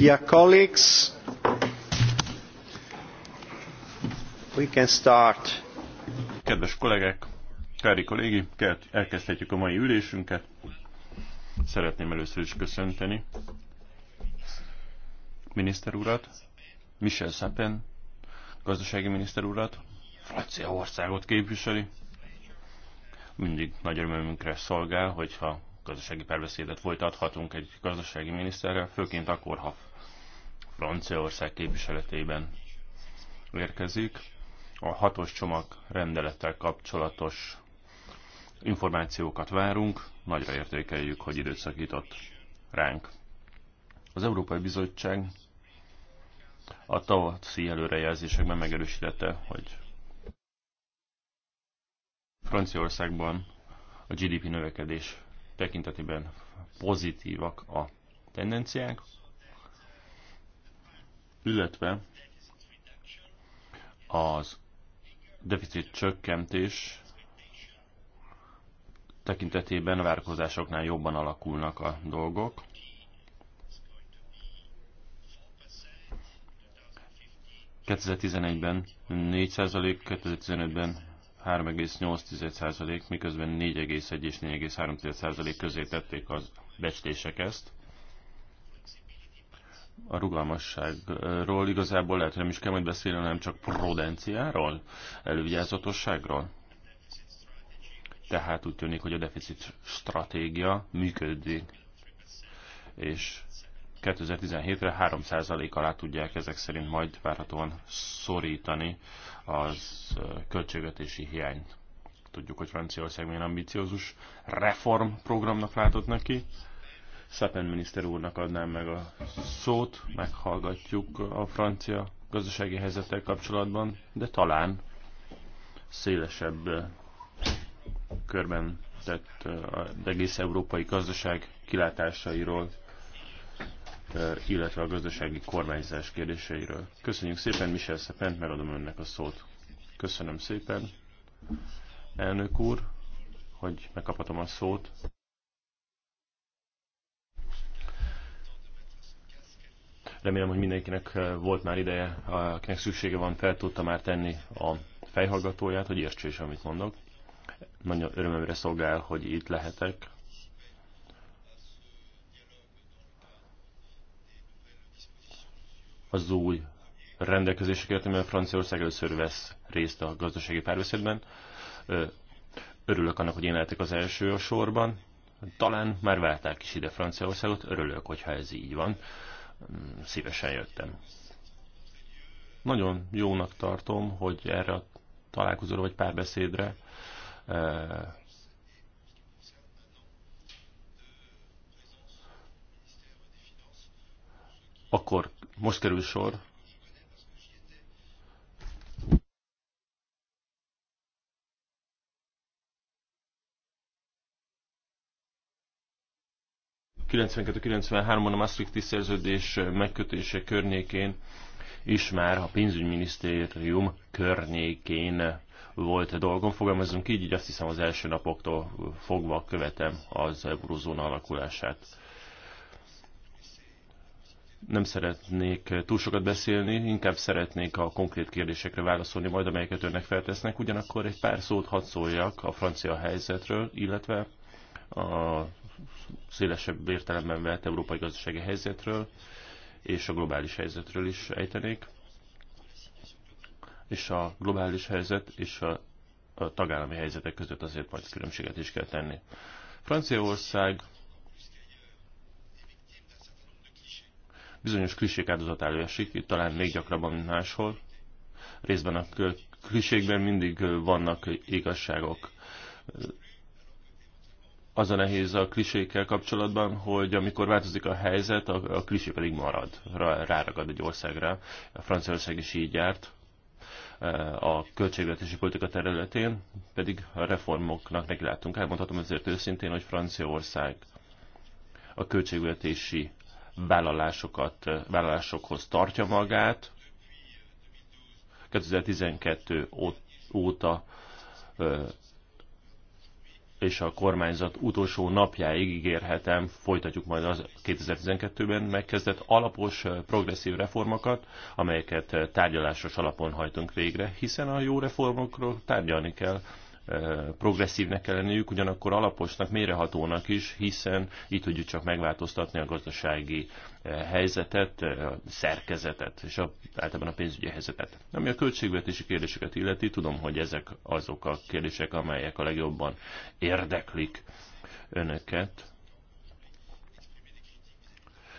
Dear colleagues, we can start. Kedves kollégek, kári kollégi, elkezdhetjük a mai ülésünket. Szeretném először is köszönteni miniszter urat, Michel Sapen, gazdasági miniszter urat, Franciaországot képviseli. Mindig nagy örömünkre szolgál, hogyha gazdasági párbeszédet folytathatunk egy gazdasági miniszterrel, főként akkor, ha Franciaország képviseletében érkezik. A hatos csomag rendelettel kapcsolatos információkat várunk, nagyra értékeljük, hogy időszakított ránk. Az Európai Bizottság a tavaszi előrejelzésekben megerősítette, hogy Franciaországban a GDP növekedés tekintetében pozitívak a tendenciák, illetve az deficit csökkentés tekintetében a várakozásoknál jobban alakulnak a dolgok. ben 4%, 2015-ben 3,8%, miközben 4,1 és 4,3% közé tették az becslések ezt a rugalmasságról igazából lehet, hogy nem is kell majd beszélni, hanem csak prudenciáról, elővigyázatosságról. Tehát úgy tűnik, hogy a deficit stratégia működik, és 2017-re 3% alá tudják ezek szerint majd várhatóan szorítani az költségvetési hiányt. Tudjuk, hogy Franciaország milyen ambiciózus reformprogramnak látott neki, Szepen miniszter úrnak adnám meg a szót, meghallgatjuk a francia gazdasági helyzettel kapcsolatban, de talán szélesebb körben tett egész európai gazdaság kilátásairól, illetve a gazdasági kormányzás kérdéseiről. Köszönjük szépen, Michel Szepent, megadom önnek a szót. Köszönöm szépen, elnök úr, hogy megkaphatom a szót. Remélem, hogy mindenkinek eh, volt már ideje, akinek szüksége van, fel tudta már tenni a fejhallgatóját, hogy értsé is, amit mondok. Nagyon örömömre szolgál, hogy itt lehetek. Az új rendelkezésekért, amivel Franciaország először vesz részt a gazdasági párbeszédben. Örülök annak, hogy én lehetek az első a sorban. Talán már várták is ide Franciaországot, örülök, hogyha ez így van szívesen jöttem. Nagyon jónak tartom, hogy erre a találkozóra vagy párbeszédre e, akkor most kerül sor, 92-93-ban a Maastrichti szerződés megkötése környékén is már a pénzügyminisztérium környékén volt dolgom, fogalmazunk így, így azt hiszem az első napoktól fogva követem az eurozóna alakulását. Nem szeretnék túl sokat beszélni, inkább szeretnék a konkrét kérdésekre válaszolni majd, amelyeket önnek feltesznek. Ugyanakkor egy pár szót hadd szóljak a francia helyzetről, illetve a szélesebb értelemben vett európai gazdasági helyzetről és a globális helyzetről is ejtenék. És a globális helyzet és a, a tagállami helyzetek között azért majd különbséget is kell tenni. Franciaország bizonyos klisék áldozatára esik, talán még gyakrabban, mint máshol. Részben a klisékben mindig vannak igazságok az a nehéz a klisékkel kapcsolatban, hogy amikor változik a helyzet, a, a klisé pedig marad, ráragad egy országra. A Franciaország is így járt eh, a költségvetési politika területén, pedig a reformoknak neki láttunk. Elmondhatom ezért őszintén, hogy Franciaország a költségvetési vállalásokat, vállalásokhoz tartja magát. 2012 óta eh, és a kormányzat utolsó napjáig ígérhetem, folytatjuk majd az 2012-ben megkezdett alapos progresszív reformokat, amelyeket tárgyalásos alapon hajtunk végre, hiszen a jó reformokról tárgyalni kell, progresszívnek kell lenniük, ugyanakkor alaposnak, mérehatónak is, hiszen itt tudjuk csak megváltoztatni a gazdasági helyzetet, szerkezetet, és a, általában a pénzügyi helyzetet. Ami a költségvetési kérdéseket illeti, tudom, hogy ezek azok a kérdések, amelyek a legjobban érdeklik önöket,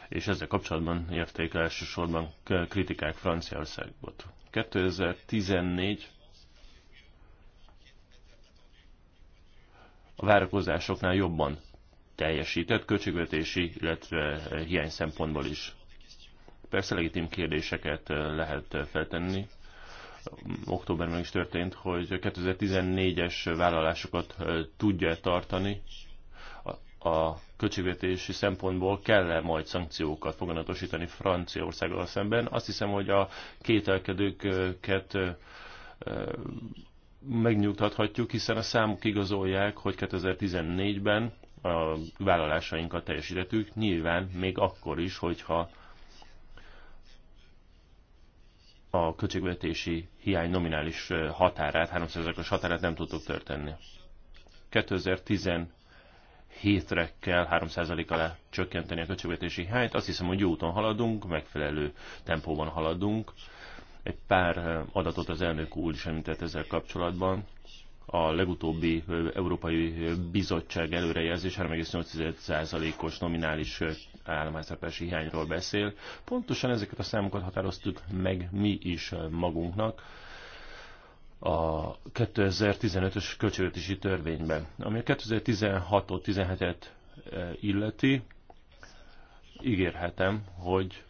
és ezzel kapcsolatban érték elsősorban kritikák Franciaországot. 2014 a várakozásoknál jobban teljesített költségvetési, illetve eh, hiány szempontból is. Persze legitim kérdéseket eh, lehet eh, feltenni. Októberben is történt, hogy 2014-es vállalásokat tudja tartani. A költségvetési szempontból kell-e majd szankciókat foganatosítani Franciaországgal szemben? Azt hiszem, hogy a kételkedőket megnyugtathatjuk, hiszen a számok igazolják, hogy 2014-ben a vállalásainkat teljesítettük, nyilván még akkor is, hogyha a költségvetési hiány nominális határát, 300%-os határát nem tudtuk történni. 2017-re kell 3% alá csökkenteni a költségvetési hiányt. Azt hiszem, hogy jó úton haladunk, megfelelő tempóban haladunk. Egy pár adatot az elnök úr is említett ezzel kapcsolatban. A legutóbbi Európai Bizottság előrejelzés 3,8%-os nominális államháztartási hiányról beszél. Pontosan ezeket a számokat határoztuk meg mi is magunknak a 2015-ös költségvetési törvényben. Ami a 2016-ot, 17-et illeti, ígérhetem, hogy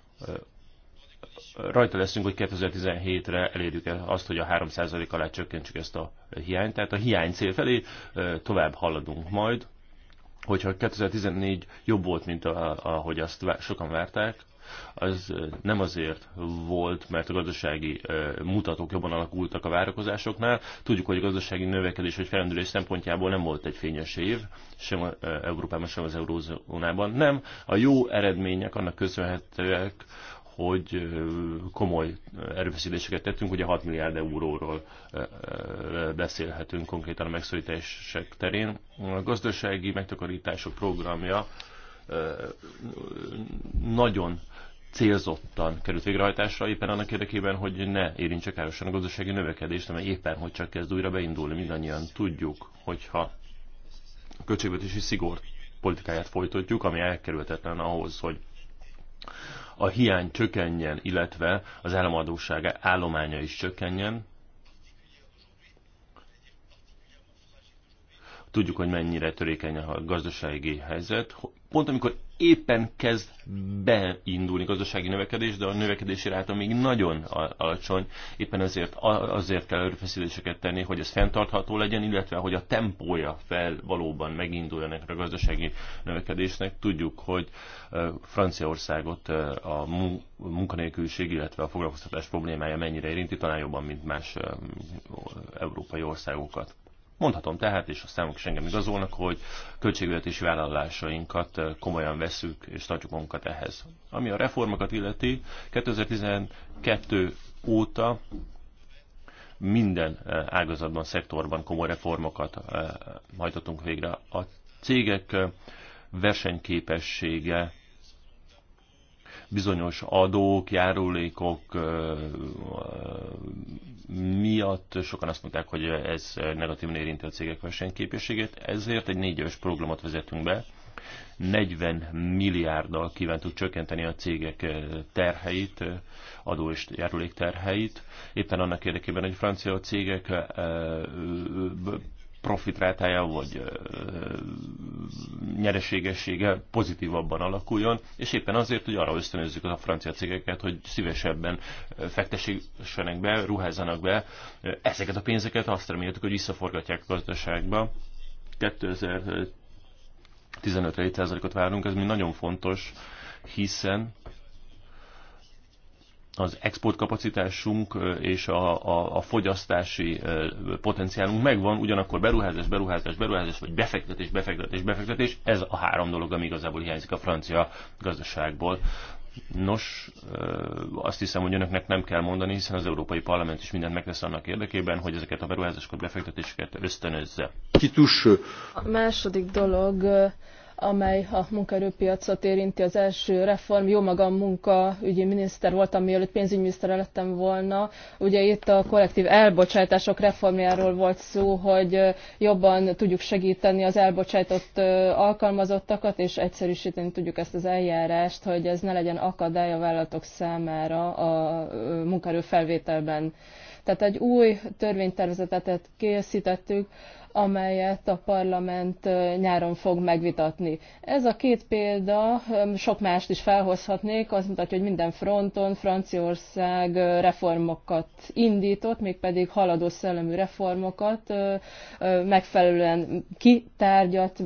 rajta leszünk, hogy 2017-re elérjük -e azt, hogy a 3% alá csökkentsük ezt a hiányt. Tehát a hiány cél felé tovább haladunk majd. Hogyha 2014 jobb volt, mint ahogy azt sokan várták, az nem azért volt, mert a gazdasági mutatók jobban alakultak a várakozásoknál. Tudjuk, hogy a gazdasági növekedés vagy felendülés szempontjából nem volt egy fényes év, sem Európában, sem az eurózónában. Nem, a jó eredmények annak köszönhetőek, hogy komoly erőfeszítéseket tettünk, ugye 6 milliárd euróról beszélhetünk konkrétan a megszorítások terén. A gazdasági megtakarítások programja nagyon célzottan került végrehajtásra, éppen annak érdekében, hogy ne érintse károsan a gazdasági növekedést, amely éppen hogy csak kezd újra beindulni. Mindannyian tudjuk, hogyha a költségvetési szigort politikáját folytatjuk, ami elkerülhetetlen ahhoz, hogy a hiány csökkenjen, illetve az államadóság állománya is csökkenjen, Tudjuk, hogy mennyire törékeny a gazdasági helyzet. Pont amikor éppen kezd beindulni gazdasági növekedés, de a növekedési ráta még nagyon alacsony, éppen ezért azért kell erőfeszítéseket tenni, hogy ez fenntartható legyen, illetve hogy a tempója fel valóban meginduljon a gazdasági növekedésnek. Tudjuk, hogy Franciaországot a munkanélküliség, illetve a foglalkoztatás problémája mennyire érinti, talán jobban, mint más európai országokat. Mondhatom tehát, és a számok is engem igazolnak, hogy költségvetési vállalásainkat eh, komolyan veszük, és tartjuk magunkat ehhez. Ami a reformokat illeti, 2012 óta minden eh, ágazatban, szektorban komoly reformokat eh, hajtottunk végre. A cégek versenyképessége bizonyos adók, járulékok miatt sokan azt mondták, hogy ez negatívan érinti a cégek versenyképességét, ezért egy négy éves programot vezetünk be, 40 milliárddal kívántuk csökkenteni a cégek terheit, adó és járulék terheit, éppen annak érdekében, hogy francia cégek profitrátája vagy nyereségessége pozitívabban alakuljon, és éppen azért, hogy arra ösztönözzük a francia cégeket, hogy szívesebben fektessenek be, ruházzanak be ezeket a pénzeket, azt reméltük, hogy visszaforgatják a gazdaságba. 2015-re 7%-ot várunk, ez mi nagyon fontos, hiszen az exportkapacitásunk és a, a, a fogyasztási potenciálunk megvan, ugyanakkor beruházás, beruházás, beruházás, vagy befektetés, befektetés, befektetés, ez a három dolog, ami igazából hiányzik a francia gazdaságból. Nos, azt hiszem, hogy önöknek nem kell mondani, hiszen az Európai Parlament is mindent megtesz annak érdekében, hogy ezeket a beruházásokat, befektetéseket ösztönözze. A második dolog, amely a munkaerőpiacot érinti. Az első reform, jó magam munkaügyi miniszter voltam, mielőtt pénzügyminiszter lettem volna. Ugye itt a kollektív elbocsátások reformjáról volt szó, hogy jobban tudjuk segíteni az elbocsátott alkalmazottakat, és egyszerűsíteni tudjuk ezt az eljárást, hogy ez ne legyen akadály a vállalatok számára a munkaerő felvételben. Tehát egy új törvénytervezetet készítettük, amelyet a parlament nyáron fog megvitatni. Ez a két példa, sok mást is felhozhatnék, az mutatja, hogy minden fronton Franciaország reformokat indított, mégpedig haladó szellemű reformokat, megfelelően kitárgyat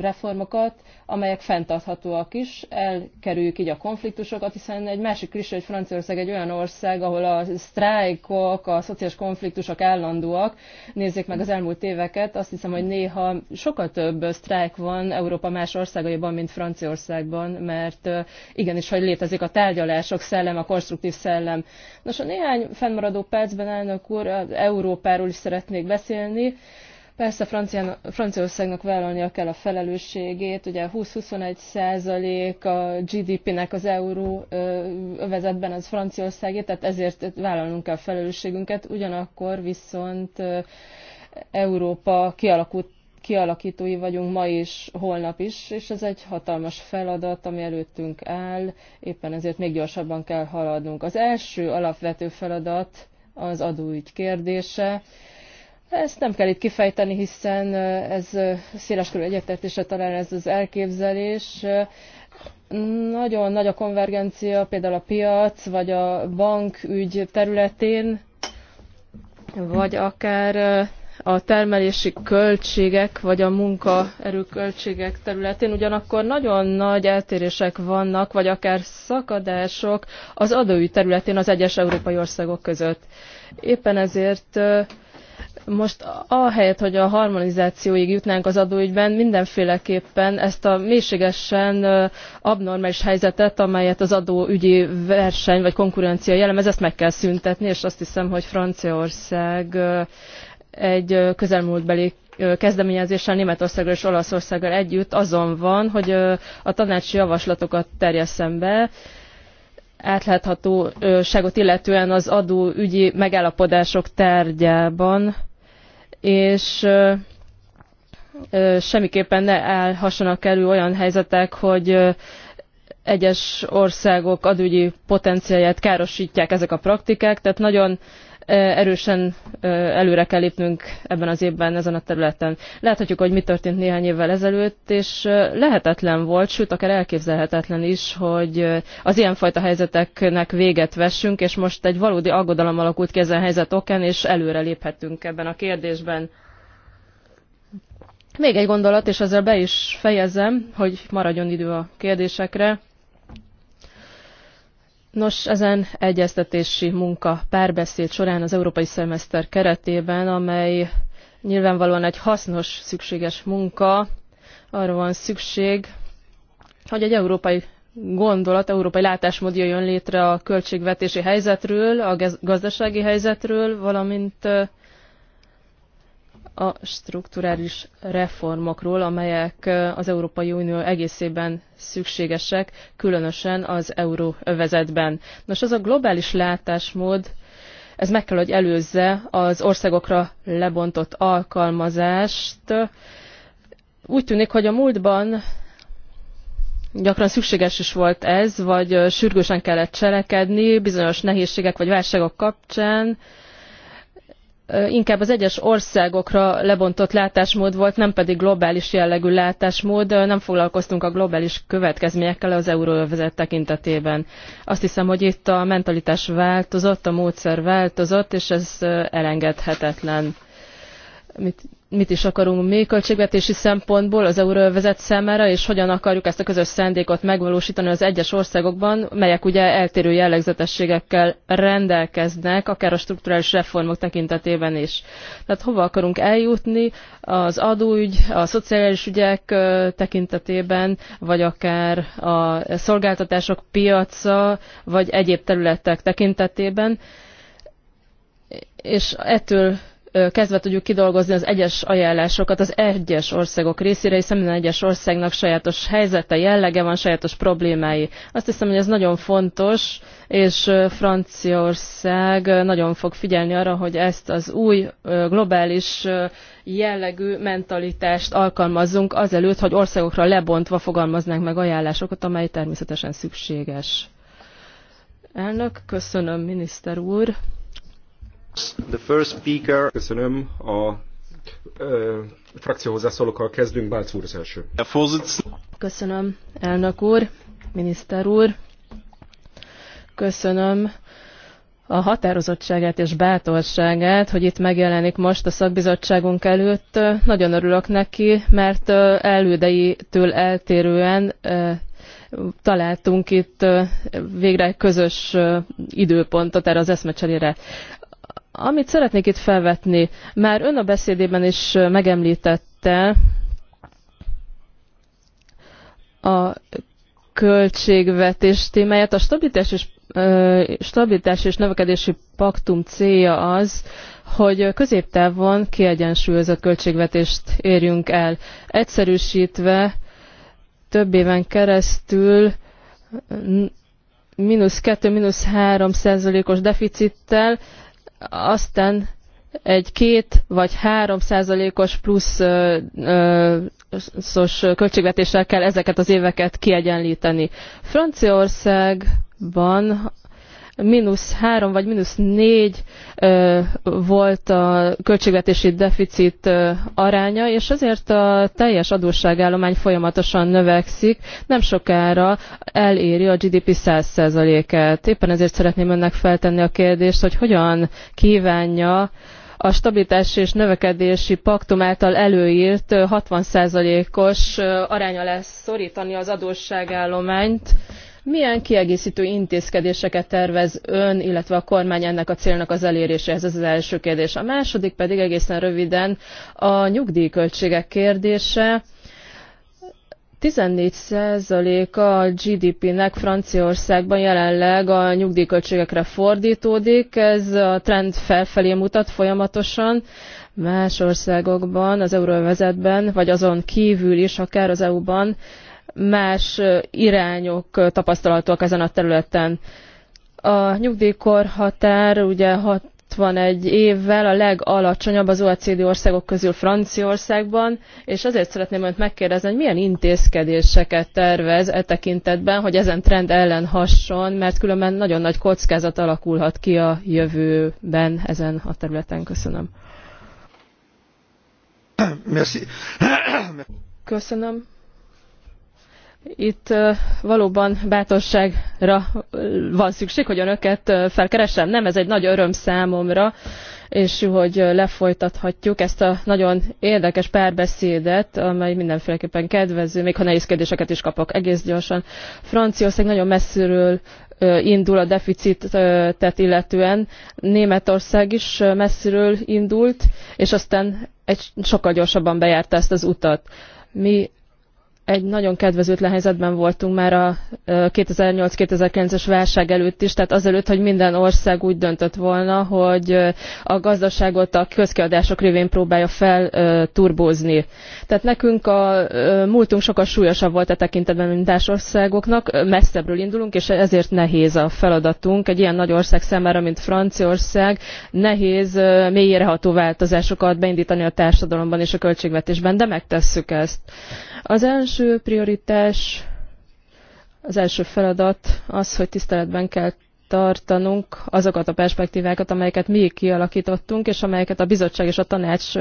reformokat, amelyek fenntarthatóak is, elkerüljük így a konfliktusokat, hiszen egy másik klisé, hogy Franciaország egy olyan ország, ahol a sztrájkok, a szociális konfliktusok állandóak, nézzék meg az elmúlt éveket, azt hiszem, hogy néha sokkal több sztrájk van Európa más országaiban, mint Franciaországban, mert igenis, hogy létezik a tárgyalások szellem, a konstruktív szellem. Nos, a néhány fennmaradó percben, elnök úr, az Európáról is szeretnék beszélni. Persze Franciaországnak vállalnia kell a felelősségét, ugye 20-21 százalék a GDP-nek az euró övezetben az Franciaországé, tehát ezért vállalnunk kell a felelősségünket, ugyanakkor viszont Európa kialakult, kialakítói vagyunk ma is, holnap is, és ez egy hatalmas feladat, ami előttünk áll, éppen ezért még gyorsabban kell haladnunk. Az első alapvető feladat az adóügy kérdése. Ezt nem kell itt kifejteni, hiszen eh, ez eh, széleskörű egyetértésre talán ez az elképzelés. Nagyon nagy a konvergencia például a piac, vagy a bankügy területén, vagy akár eh, a termelési költségek vagy a munkaerőköltségek területén, ugyanakkor nagyon nagy eltérések vannak, vagy akár szakadások az adóügy területén az egyes európai országok között. Éppen ezért most ahelyett, hogy a harmonizációig jutnánk az adóügyben, mindenféleképpen ezt a mélységesen abnormális helyzetet, amelyet az adóügyi verseny vagy konkurencia jellemez, ezt meg kell szüntetni, és azt hiszem, hogy Franciaország egy közelmúltbeli kezdeményezéssel Németországgal és Olaszországgal együtt azon van, hogy a tanácsi javaslatokat terjesszen be, átláthatóságot illetően az adóügyi megállapodások tárgyában, és semmiképpen ne állhassanak elő olyan helyzetek, hogy egyes országok adóügyi potenciáját károsítják ezek a praktikák, tehát nagyon erősen előre kell lépnünk ebben az évben ezen a területen. Láthatjuk, hogy mi történt néhány évvel ezelőtt, és lehetetlen volt, sőt akár elképzelhetetlen is, hogy az ilyenfajta helyzeteknek véget vessünk, és most egy valódi aggodalom alakult ki ezen helyzet okán, és előre léphetünk ebben a kérdésben. Még egy gondolat, és ezzel be is fejezem, hogy maradjon idő a kérdésekre. Nos, ezen egyeztetési munka párbeszéd során az európai szemeszter keretében, amely nyilvánvalóan egy hasznos, szükséges munka, arra van szükség, hogy egy európai gondolat, európai látásmód jön létre a költségvetési helyzetről, a gazdasági helyzetről, valamint a strukturális reformokról, amelyek az Európai Unió egészében szükségesek, különösen az euróövezetben. Nos, az a globális látásmód, ez meg kell, hogy előzze az országokra lebontott alkalmazást. Úgy tűnik, hogy a múltban gyakran szükséges is volt ez, vagy sürgősen kellett cselekedni bizonyos nehézségek vagy válságok kapcsán, inkább az egyes országokra lebontott látásmód volt, nem pedig globális jellegű látásmód. Nem foglalkoztunk a globális következményekkel az euróövezet tekintetében. Azt hiszem, hogy itt a mentalitás változott, a módszer változott, és ez elengedhetetlen. Mit mit is akarunk mi költségvetési szempontból az euróvezet számára, és hogyan akarjuk ezt a közös szándékot megvalósítani az egyes országokban, melyek ugye eltérő jellegzetességekkel rendelkeznek, akár a strukturális reformok tekintetében is. Tehát hova akarunk eljutni az adóügy, a szociális ügyek tekintetében, vagy akár a szolgáltatások piaca, vagy egyéb területek tekintetében, és ettől kezdve tudjuk kidolgozni az egyes ajánlásokat az egyes országok részére, hiszen minden egyes országnak sajátos helyzete, jellege van, sajátos problémái. Azt hiszem, hogy ez nagyon fontos, és Franciaország nagyon fog figyelni arra, hogy ezt az új globális jellegű mentalitást alkalmazzunk azelőtt, hogy országokra lebontva fogalmaznánk meg ajánlásokat, amely természetesen szükséges. Elnök, köszönöm, miniszter úr. The first speaker. Köszönöm. A uh, frakció hozzászólókkal kezdünk. Bálc úr az első. Köszönöm, elnök úr, miniszter úr. Köszönöm a határozottságát és bátorságát, hogy itt megjelenik most a szakbizottságunk előtt. Nagyon örülök neki, mert elődei-től eltérően találtunk itt végre közös időpontot erre az eszmecserére. Amit szeretnék itt felvetni, már ön a beszédében is megemlítette a költségvetés témáját. A stabilitás és, stabilitás és növekedési paktum célja az, hogy középtávon kiegyensúlyozott költségvetést érjünk el. Egyszerűsítve több éven keresztül mínusz 2-3 százalékos deficittel aztán egy két vagy három százalékos pluszos költségvetéssel kell ezeket az éveket kiegyenlíteni. Franciaországban mínusz három vagy mínusz négy volt a költségvetési deficit aránya, és ezért a teljes adósságállomány folyamatosan növekszik, nem sokára eléri a GDP 100%-et. Éppen ezért szeretném önnek feltenni a kérdést, hogy hogyan kívánja a stabilitás és növekedési paktum által előírt 60%-os aránya lesz szorítani az adósságállományt, milyen kiegészítő intézkedéseket tervez ön, illetve a kormány ennek a célnak az eléréséhez? Ez az első kérdés. A második pedig egészen röviden a nyugdíjköltségek kérdése. 14% a GDP-nek Franciaországban jelenleg a nyugdíjköltségekre fordítódik, ez a trend felfelé mutat folyamatosan. Más országokban, az euróvezetben, vagy azon kívül is, akár az EU-ban más irányok tapasztalatok ezen a területen. A nyugdíjkor határ ugye 61 évvel a legalacsonyabb az OECD országok közül Franciaországban, és azért szeretném önt megkérdezni, hogy milyen intézkedéseket tervez e tekintetben, hogy ezen trend ellen hasson, mert különben nagyon nagy kockázat alakulhat ki a jövőben ezen a területen. Köszönöm. Merci. Köszönöm. Itt valóban bátorságra van szükség, hogy önöket felkeressem. Nem, ez egy nagy öröm számomra, és hogy lefolytathatjuk ezt a nagyon érdekes párbeszédet, amely mindenféleképpen kedvező, még ha nehéz kérdéseket is kapok egész gyorsan. Franciaország nagyon messziről indul a deficitet illetően. Németország is messziről indult, és aztán egy sokkal gyorsabban bejárta ezt az utat. Mi egy nagyon kedvezőtlen helyzetben voltunk már a 2008-2009-es válság előtt is, tehát azelőtt, hogy minden ország úgy döntött volna, hogy a gazdaságot a közkiadások révén próbálja felturbózni. Tehát nekünk a múltunk sokkal súlyosabb volt a tekintetben, mint más országoknak. Messzebbről indulunk, és ezért nehéz a feladatunk. Egy ilyen nagy ország számára, mint Franciaország, nehéz mélyreható változásokat beindítani a társadalomban és a költségvetésben, de megtesszük ezt. Az első prioritás, az első feladat az, hogy tiszteletben kell tartanunk azokat a perspektívákat, amelyeket mi kialakítottunk, és amelyeket a bizottság és a tanács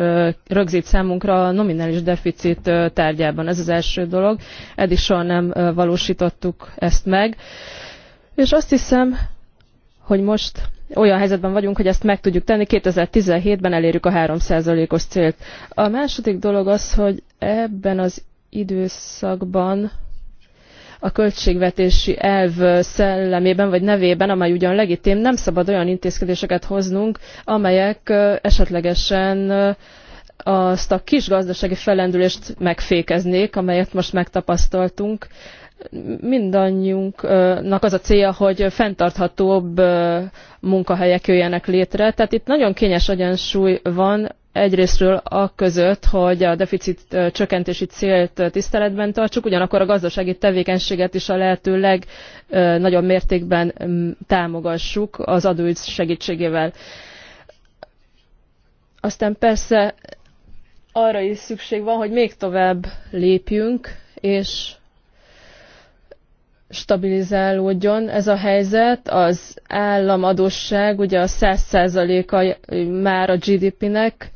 rögzít számunkra a nominális deficit tárgyában. Ez az első dolog. Eddig soha nem valósítottuk ezt meg. És azt hiszem, hogy most olyan helyzetben vagyunk, hogy ezt meg tudjuk tenni. 2017-ben elérjük a 3%-os célt. A második dolog az, hogy ebben az időszakban a költségvetési elv szellemében vagy nevében, amely ugyan legitim, nem szabad olyan intézkedéseket hoznunk, amelyek esetlegesen azt a kis gazdasági fellendülést megfékeznék, amelyet most megtapasztaltunk. Mindannyiunknak az a célja, hogy fenntarthatóbb munkahelyek jöjjenek létre. Tehát itt nagyon kényes egyensúly van, egyrésztről a között, hogy a deficit csökkentési célt tiszteletben tartsuk, ugyanakkor a gazdasági tevékenységet is a lehető legnagyobb mértékben támogassuk az adóügy segítségével. Aztán persze arra is szükség van, hogy még tovább lépjünk, és stabilizálódjon ez a helyzet. Az államadósság ugye a 100%-a már a GDP-nek,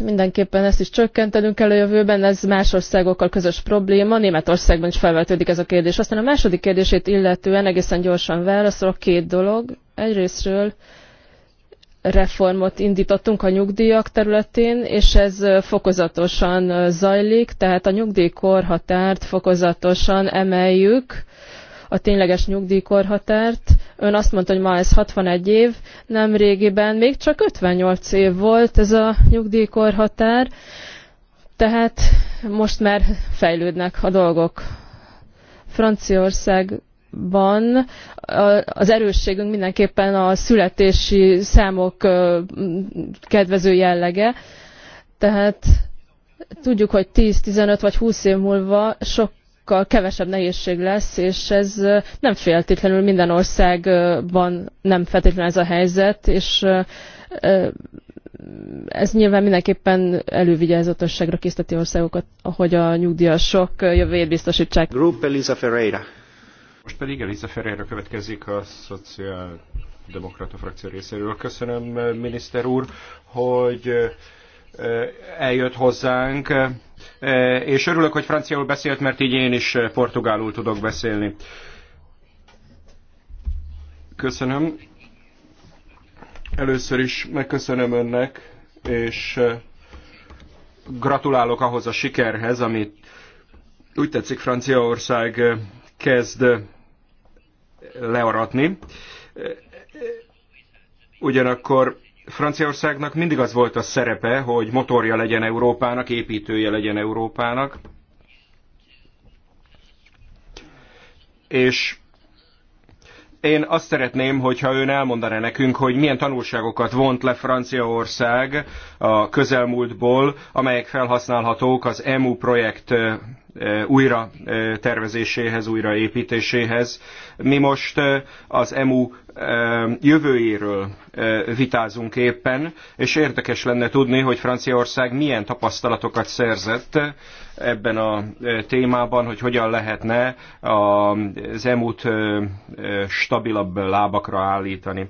mindenképpen ezt is csökkentenünk kell a jövőben, ez más országokkal közös probléma, Németországban is felvetődik ez a kérdés. Aztán a második kérdését illetően egészen gyorsan válaszolok két dolog. Egyrésztről reformot indítottunk a nyugdíjak területén, és ez fokozatosan zajlik, tehát a nyugdíjkorhatárt fokozatosan emeljük, a tényleges nyugdíjkorhatárt, Ön azt mondta, hogy ma ez 61 év, nem régiben még csak 58 év volt ez a nyugdíjkorhatár, tehát most már fejlődnek a dolgok. Franciaország van az erősségünk mindenképpen a születési számok kedvező jellege. Tehát tudjuk, hogy 10, 15 vagy 20 év múlva sok sokkal kevesebb nehézség lesz, és ez nem feltétlenül minden országban nem feltétlenül ez a helyzet, és ez nyilván mindenképpen elővigyázatosságra készíteti országokat, ahogy a nyugdíjasok jövőjét biztosítsák. Group Elisa Ferreira. Most pedig Elisa Ferreira következik a Szociáldemokrata frakció részéről. Köszönöm, miniszter úr, hogy eljött hozzánk Eh, és örülök, hogy franciául beszélt, mert így én is eh, portugálul tudok beszélni. Köszönöm. Először is megköszönöm önnek, és eh, gratulálok ahhoz a sikerhez, amit úgy tetszik Franciaország kezd learatni. Ugyanakkor Franciaországnak mindig az volt a szerepe, hogy motorja legyen Európának, építője legyen Európának. És én azt szeretném, hogyha ön elmondaná nekünk, hogy milyen tanulságokat vont le Franciaország a közelmúltból, amelyek felhasználhatók az EMU projekt eh, újra eh, tervezéséhez, újraépítéséhez, mi most eh, az EMU eh, jövőjéről eh, vitázunk éppen, és érdekes lenne tudni, hogy Franciaország milyen tapasztalatokat szerzett ebben a témában, hogy hogyan lehetne az EMU-t stabilabb lábakra állítani.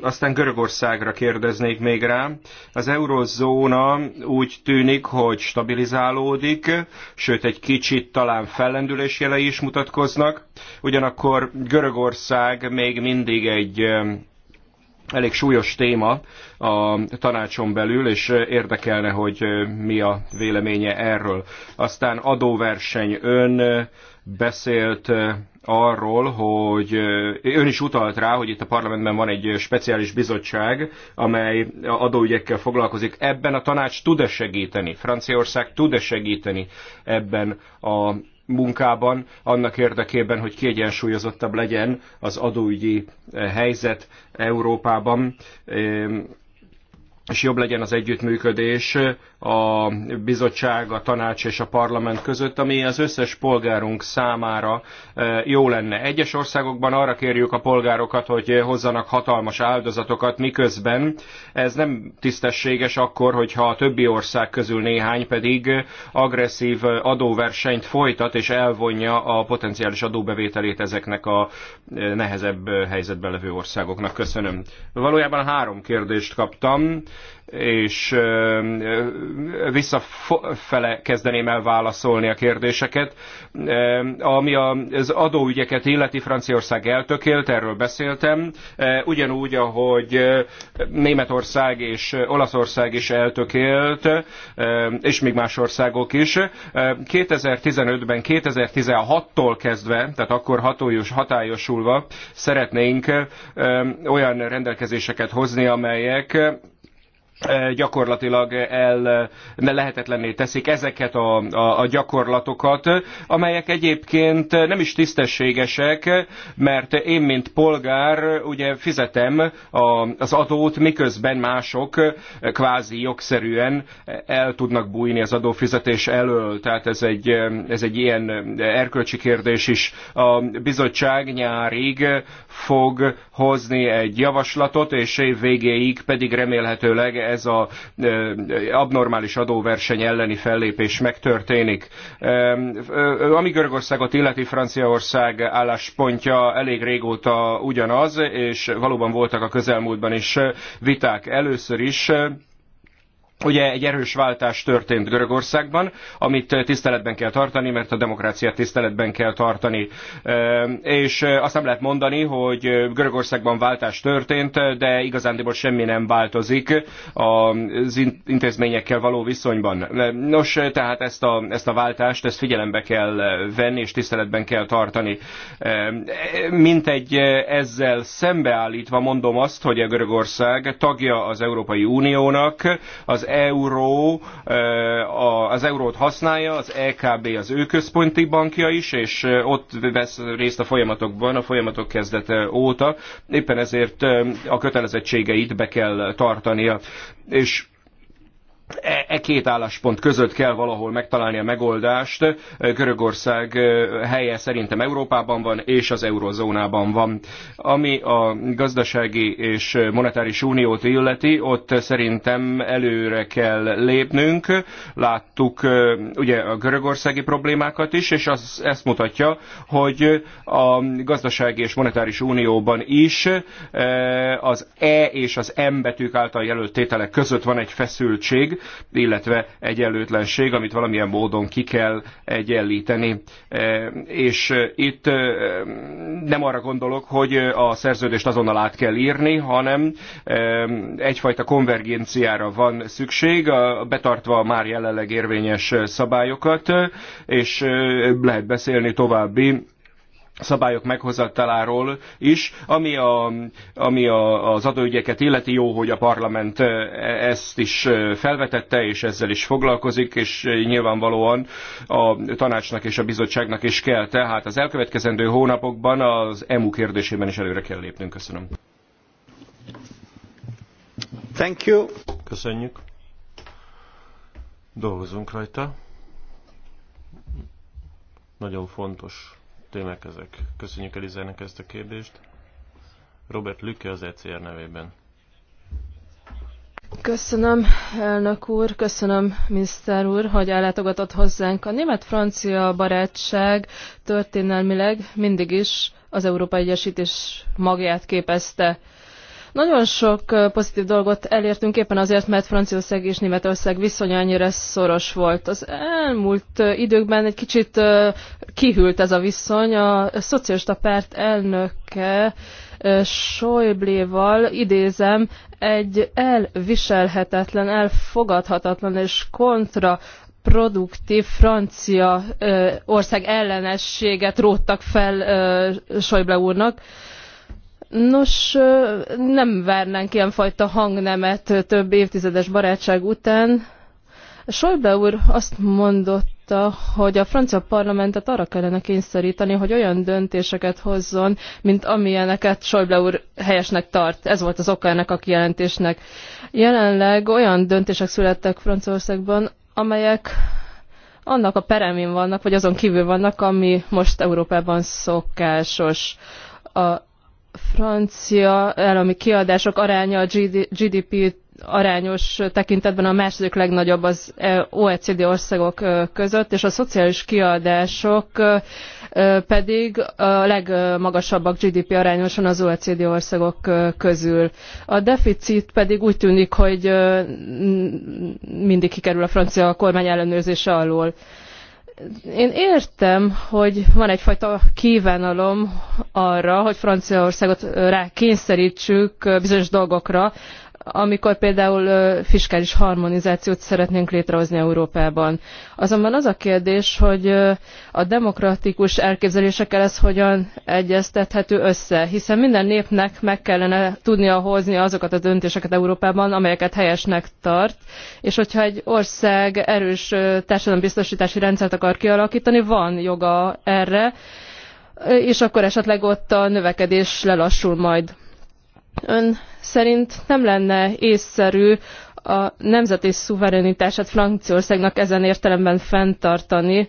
Aztán Görögországra kérdeznék még rá. Az eurozóna úgy tűnik, hogy stabilizálódik, sőt egy kicsit talán fellendülés jelei is mutatkoznak. Ugyanak Ugyanakkor Görögország még mindig egy elég súlyos téma a tanácson belül, és érdekelne, hogy mi a véleménye erről. Aztán adóverseny ön beszélt arról, hogy ön is utalt rá, hogy itt a parlamentben van egy speciális bizottság, amely adóügyekkel foglalkozik. Ebben a tanács tud-e segíteni? Franciaország tud-e segíteni ebben a munkában, annak érdekében, hogy kiegyensúlyozottabb legyen az adóügyi eh, helyzet Európában, eh, és jobb legyen az együttműködés a bizottság, a tanács és a parlament között, ami az összes polgárunk számára e, jó lenne. Egyes országokban arra kérjük a polgárokat, hogy hozzanak hatalmas áldozatokat, miközben ez nem tisztességes akkor, hogyha a többi ország közül néhány pedig agresszív adóversenyt folytat és elvonja a potenciális adóbevételét ezeknek a e, nehezebb helyzetben levő országoknak. Köszönöm. Valójában három kérdést kaptam és visszafele kezdeném el válaszolni a kérdéseket. Ami az adóügyeket illeti, Franciaország eltökélt, erről beszéltem, ugyanúgy, ahogy Németország és Olaszország is eltökélt, és még más országok is. 2015-ben, 2016-tól kezdve, tehát akkor hatójus, hatályosulva szeretnénk olyan rendelkezéseket hozni, amelyek Eh, gyakorlatilag el eh, lehetetlenné teszik ezeket a, a, a gyakorlatokat, amelyek egyébként nem is tisztességesek, mert én, mint polgár, ugye fizetem a, az adót, miközben mások eh, kvázi jogszerűen el tudnak bújni az adófizetés elől. Tehát ez egy, ez egy ilyen erkölcsi kérdés is. A bizottság nyárig fog hozni egy javaslatot, és év végéig pedig remélhetőleg ez a abnormális adóverseny elleni fellépés megtörténik. Ami Görögországot illeti Franciaország álláspontja elég régóta ugyanaz, és valóban voltak a közelmúltban is viták először is Ugye egy erős váltás történt Görögországban, amit tiszteletben kell tartani, mert a demokráciát tiszteletben kell tartani. Ehm, és eh, azt nem lehet mondani, hogy Görögországban váltás történt, de igazándiból semmi nem változik az intézményekkel való viszonyban. Nos, tehát ezt a, ezt a váltást, ezt figyelembe kell venni, és tiszteletben kell tartani. Ehm, mint egy eh, ezzel szembeállítva mondom azt, hogy a Görögország tagja az Európai Uniónak, az az euró eh, az eurót használja, az EKB az ő központi bankja is, és eh, ott vesz részt a folyamatokban, a folyamatok kezdete óta. Éppen ezért eh, a kötelezettségeit be kell tartania. És E, e két álláspont között kell valahol megtalálni a megoldást. E, Görögország e, helye szerintem Európában van, és az eurozónában van. Ami a gazdasági és monetáris uniót illeti, ott szerintem előre kell lépnünk. Láttuk ugye a görögországi problémákat is, és az, ezt mutatja, hogy a gazdasági és monetáris unióban is az E és az M betűk által jelölt tételek között van egy feszültség, illetve egyenlőtlenség, amit valamilyen módon ki kell egyenlíteni. E, és e, itt e, nem arra gondolok, hogy a szerződést azonnal át kell írni, hanem egyfajta konvergenciára van szükség, betartva a már jelenleg érvényes szabályokat, és lehet beszélni további szabályok meghozataláról is, ami, a, ami a, az adóügyeket illeti jó, hogy a parlament e, ezt is e, felvetette, és ezzel is foglalkozik, és nyilvánvalóan a tanácsnak és a bizottságnak is kell. Tehát az elkövetkezendő hónapokban az EMU kérdésében is előre kell lépnünk. Köszönöm. Thank you. Köszönjük. Dolgozunk rajta. Nagyon fontos Tömeg ezek. Köszönjük Elizának ezt a kérdést. Robert Lücke az ECR nevében. Köszönöm, elnök úr, köszönöm, miniszter úr, hogy ellátogatott hozzánk. A német-francia barátság történelmileg mindig is az európai Egyesítés magját képezte. Nagyon sok pozitív dolgot elértünk éppen azért, mert Franciaország és Németország viszonya annyira szoros volt. Az elmúlt időkben egy kicsit kihűlt ez a viszony. A szocialista párt elnöke Sojbléval idézem, egy elviselhetetlen, elfogadhatatlan és kontra produktív francia ország ellenességet róttak fel Schäuble úrnak. Ö, Nos, nem várnánk ilyenfajta hangnemet több évtizedes barátság után. Solbe úr azt mondotta, hogy a francia parlamentet arra kellene kényszeríteni, hogy olyan döntéseket hozzon, mint amilyeneket Solbe úr helyesnek tart. Ez volt az oka ennek a kijelentésnek. Jelenleg olyan döntések születtek Franciaországban, amelyek annak a peremén vannak, vagy azon kívül vannak, ami most Európában szokásos. A francia állami kiadások aránya a GDP arányos tekintetben a második legnagyobb az e, OECD országok között, és a szociális kiadások pedig a legmagasabbak GDP arányosan az OECD országok közül. A deficit pedig úgy tűnik, hogy mindig kikerül a francia kormány ellenőrzése alól én értem, hogy van egyfajta kívánalom arra, hogy Franciaországot rá kényszerítsük bizonyos dolgokra, amikor például fiskális harmonizációt szeretnénk létrehozni Európában. Azonban az a kérdés, hogy a demokratikus elképzelésekkel ez hogyan egyeztethető össze, hiszen minden népnek meg kellene tudnia hozni azokat a döntéseket Európában, amelyeket helyesnek tart, és hogyha egy ország erős társadalombiztosítási rendszert akar kialakítani, van joga erre, és akkor esetleg ott a növekedés lelassul majd Ön szerint nem lenne észszerű a nemzeti szuverenitását Franciaországnak ezen értelemben fenntartani,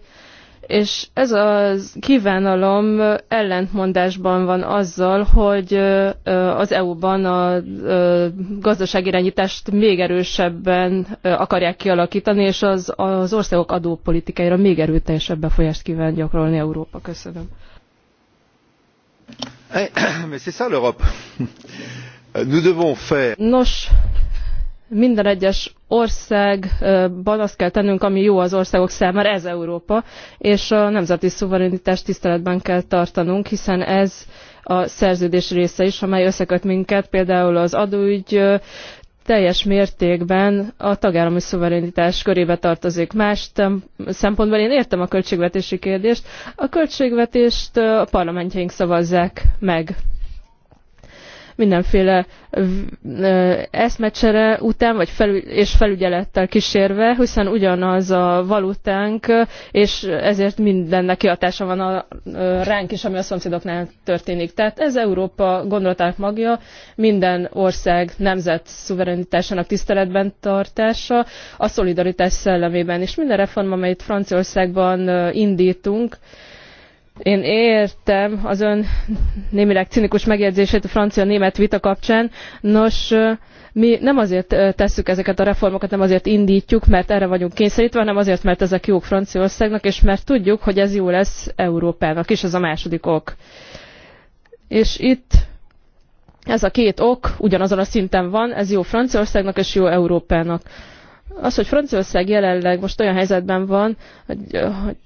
és ez a kívánalom ellentmondásban van azzal, hogy az EU-ban a gazdaságirányítást még erősebben akarják kialakítani, és az, az országok adópolitikáira még erőteljesebb befolyást kíván gyakorolni Európa. Köszönöm. Nos, minden egyes országban azt kell tennünk, ami jó az országok számára, ez Európa, és a nemzeti szuverenitást tiszteletben kell tartanunk, hiszen ez a szerződés része is, amely összeköt minket, például az adóügy teljes mértékben a tagállami szuverenitás körébe tartozik. Más szempontból én értem a költségvetési kérdést. A költségvetést a parlamentjeink szavazzák meg mindenféle eszmecsere után vagy felügy, és felügyelettel kísérve, hiszen ugyanaz a valutánk, és ezért mindennek kihatása van a, ránk is, ami a szomszédoknál történik. Tehát ez Európa gondolatának magja, minden ország nemzet szuverenitásának tiszteletben tartása, a szolidaritás szellemében. És minden reform, amelyet Franciaországban indítunk, én értem az ön némileg cinikus megjegyzését a francia-német vita kapcsán. Nos, mi nem azért tesszük ezeket a reformokat, nem azért indítjuk, mert erre vagyunk kényszerítve, hanem azért, mert ezek jók Franciaországnak, és mert tudjuk, hogy ez jó lesz Európának is, ez a második ok. És itt ez a két ok ugyanazon a szinten van, ez jó Franciaországnak és jó Európának az, hogy Franciaország jelenleg most olyan helyzetben van, hogy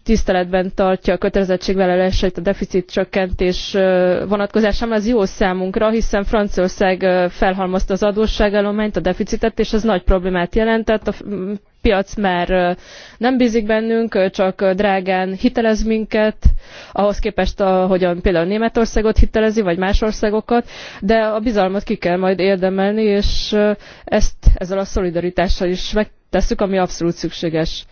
tiszteletben tartja a kötelezettségvállalásait a deficit csökkentés vonatkozásában, az jó számunkra, hiszen Franciaország felhalmozta az adósságállományt, a deficitet, és ez nagy problémát jelentett. A piac már nem bízik bennünk, csak drágán hitelez minket, ahhoz képest, ahogyan például Németországot hitelezi, vagy más országokat, de a bizalmat ki kell majd érdemelni, és ezt ezzel a szolidaritással is meg tesszük, ami abszolút szükséges.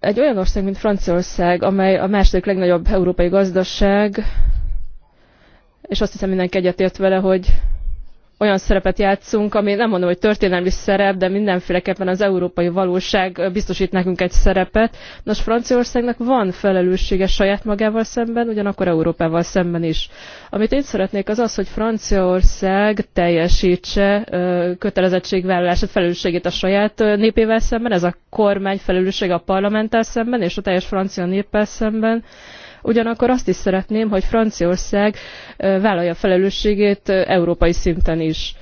Egy olyan ország, mint Franciaország, amely a második legnagyobb európai gazdaság, és azt hiszem mindenki egyetért vele, hogy olyan szerepet játszunk, ami nem mondom, hogy történelmi szerep, de mindenféleképpen az európai valóság biztosít nekünk egy szerepet. Nos, Franciaországnak van felelőssége saját magával szemben, ugyanakkor Európával szemben is. Amit én szeretnék az az, hogy Franciaország teljesítse kötelezettségvállalását, felelősségét a saját népével szemben, ez a kormány felelőssége a parlamenttel szemben és a teljes francia néppel szemben. Ugyanakkor azt is szeretném, hogy Franciaország vállalja felelősségét európai szinten is.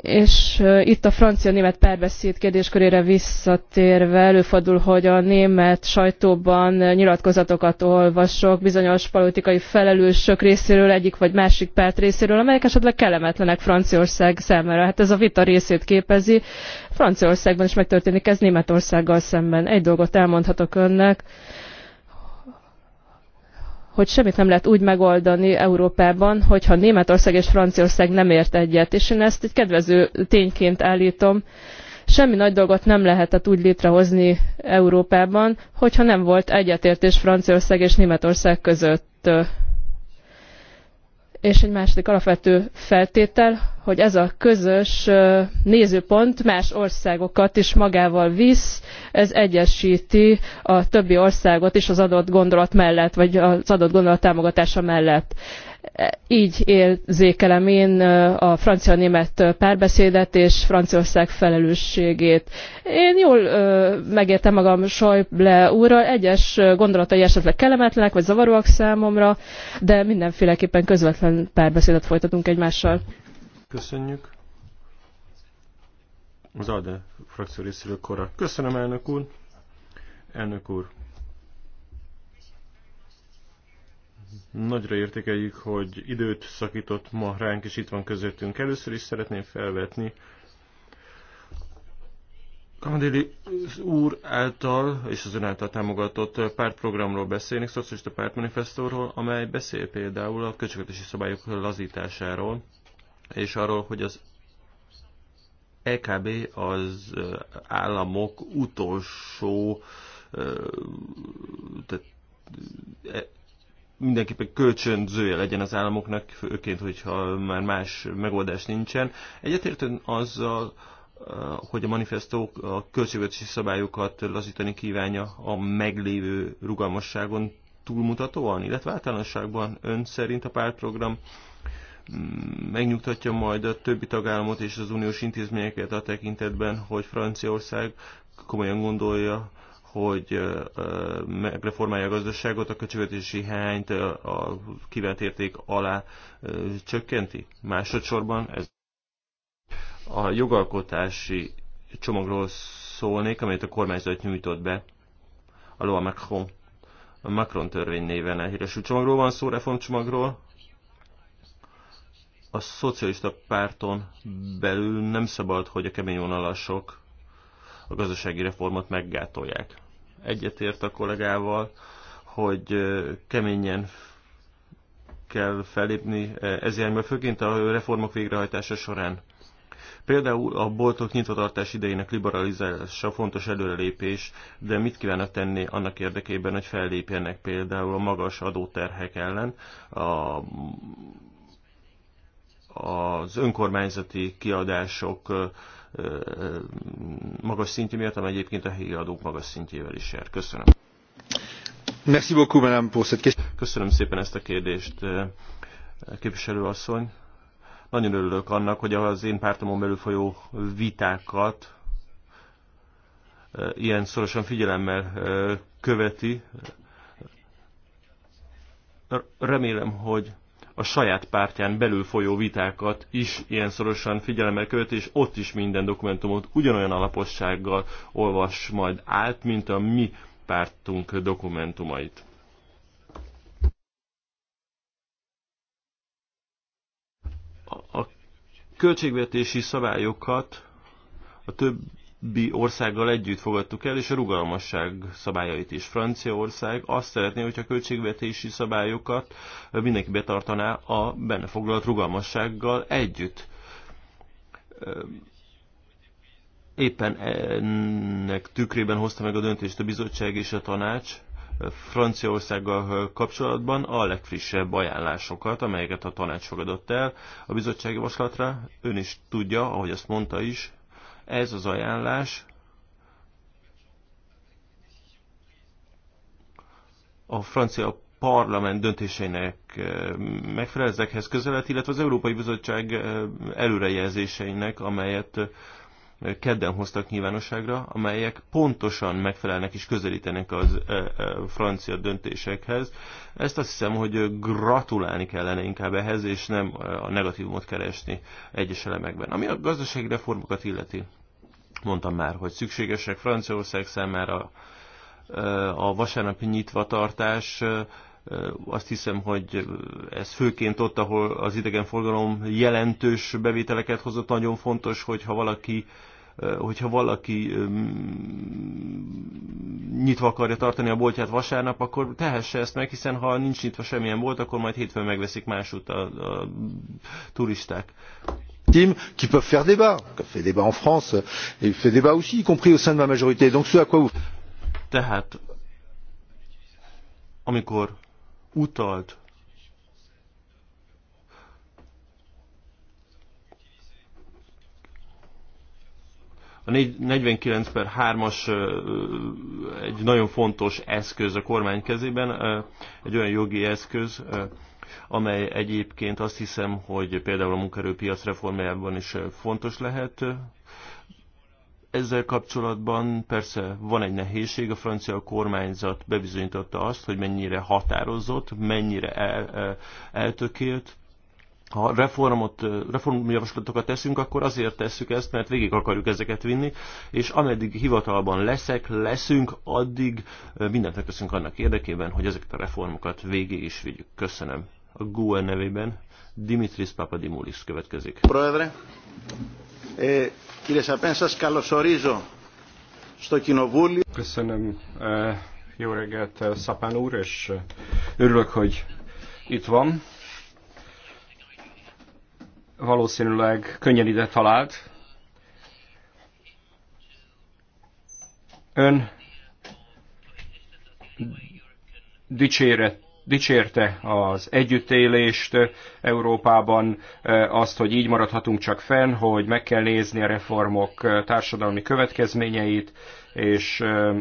És itt a francia-német párbeszéd kérdéskörére visszatérve előfordul, hogy a német sajtóban nyilatkozatokat olvasok bizonyos politikai felelősök részéről, egyik vagy másik párt részéről, amelyek esetleg kellemetlenek Franciaország számára. Hát ez a vita részét képezi. Franciaországban is megtörténik ez Németországgal szemben. Egy dolgot elmondhatok önnek hogy semmit nem lehet úgy megoldani Európában, hogyha Németország és Franciaország nem ért egyet. És én ezt egy kedvező tényként állítom. Semmi nagy dolgot nem lehetett úgy létrehozni Európában, hogyha nem volt egyetértés Franciaország és Németország között és egy második alapvető feltétel, hogy ez a közös nézőpont más országokat is magával visz, ez egyesíti a többi országot is az adott gondolat mellett, vagy az adott gondolat támogatása mellett. Így érzékelem én a francia-német párbeszédet és Franciaország felelősségét. Én jól megértem magam sajble úrral, egyes gondolatai esetleg kellemetlenek vagy zavaróak számomra, de mindenféleképpen közvetlen párbeszédet folytatunk egymással. Köszönjük. Az ALDE frakció részéről Köszönöm, elnök úr. Elnök úr, Nagyra értékeljük, hogy időt szakított ma ránk, és itt van közöttünk. Először is szeretném felvetni Kamadéli úr által és az ön által támogatott pártprogramról beszélni, szocialista pártmanifestóról, amely beszél például a költségvetési szabályok lazításáról, és arról, hogy az EKB az államok utolsó tehát mindenképpen kölcsönzője legyen az államoknak, főként, hogyha már más megoldás nincsen. Egyetértően azzal, eh, hogy a manifestó a költségvetési szabályokat lazítani kívánja a meglévő rugalmasságon túlmutatóan, illetve általánosságban ön szerint a pártprogram mm, megnyugtatja majd a többi tagállamot és az uniós intézményeket a tekintetben, hogy Franciaország komolyan gondolja hogy megreformálja a gazdaságot, a költségvetési hiányt a kívánt érték alá csökkenti. Másodszorban ez a jogalkotási csomagról szólnék, amelyet a kormányzat nyújtott be, a Loa Macron, a Macron törvény néven elhíresült csomagról van szó, reformcsomagról. A szocialista párton belül nem szabad, hogy a kemény vonalasok a gazdasági reformot meggátolják egyetért a kollégával, hogy keményen kell felépni. ez irányba, főként a reformok végrehajtása során. Például a boltok nyitvatartás idejének liberalizálása fontos előrelépés, de mit kívánnak tenni annak érdekében, hogy fellépjenek például a magas adóterhek ellen, a, az önkormányzati kiadások magas szintje miatt, amely egyébként a helyi adók magas szintjével is jár. Köszönöm. Merci beaucoup, madame, pour cette question. Köszönöm szépen ezt a kérdést, képviselőasszony. Nagyon örülök annak, hogy az én pártomon belül folyó vitákat ilyen szorosan figyelemmel követi. Remélem, hogy a saját pártján belül folyó vitákat is ilyen szorosan figyelemmel követ, és ott is minden dokumentumot ugyanolyan alapossággal olvas majd át, mint a mi pártunk dokumentumait. A költségvetési szabályokat a több többi országgal együtt fogadtuk el, és a rugalmasság szabályait is. Franciaország azt szeretné, hogy a költségvetési szabályokat mindenki betartaná a benne foglalt rugalmassággal együtt. Éppen ennek tükrében hozta meg a döntést a bizottság és a tanács, Franciaországgal kapcsolatban a legfrissebb ajánlásokat, amelyeket a tanács fogadott el a bizottsági javaslatra. Ön is tudja, ahogy azt mondta is, ez az ajánlás a francia parlament döntéseinek eh, megfelel, ezekhez közelet, illetve az Európai Bizottság eh, előrejelzéseinek, amelyet kedden hoztak nyilvánosságra, amelyek pontosan megfelelnek és közelítenek az e, e, francia döntésekhez. Ezt azt hiszem, hogy gratulálni kellene inkább ehhez, és nem a negatívumot keresni egyes elemekben. Ami a gazdasági reformokat illeti, mondtam már, hogy szükségesek Franciaország számára a vasárnapi nyitvatartás azt hiszem, hogy ez főként ott, ahol az idegenforgalom jelentős bevételeket hozott, nagyon fontos, hogyha valaki hogyha valaki nyitva akarja tartani a boltját vasárnap, akkor tehesse ezt meg, hiszen ha nincs nyitva semmilyen bolt, akkor majd hétfőn megveszik másút a, a turisták. Qui peuvent faire débat, qui fait débat en France, et fait débat aussi, y compris au sein de ma majorité. Donc ce à quoi vous. Tehát, amikor utalt A 49 per 3-as egy nagyon fontos eszköz a kormány kezében, egy olyan jogi eszköz, amely egyébként azt hiszem, hogy például a munkerőpiac reformjában is fontos lehet. Ezzel kapcsolatban persze van egy nehézség, a francia kormányzat bebizonyította azt, hogy mennyire határozott, mennyire el, e, eltökélt. Ha reformot, e, reformjavaslatokat teszünk, akkor azért tesszük ezt, mert végig akarjuk ezeket vinni, és ameddig hivatalban leszek, leszünk, addig e, mindent megteszünk annak érdekében, hogy ezeket a reformokat végig is vigyük. Köszönöm. A GUE nevében Dimitris Papadimoulis következik. Πρόεδρε, ε, κύριε Σαπέν, σας καλωσορίζω στο Κοινοβούλιο. Köszönöm. Jó reggelt, Szapán úr, és örülök, hogy itt van. Valószínűleg könnyen ide talált. Ön dicséret dicsérte az együttélést Európában, eh, azt, hogy így maradhatunk csak fenn, hogy meg kell nézni a reformok eh, társadalmi következményeit, és eh,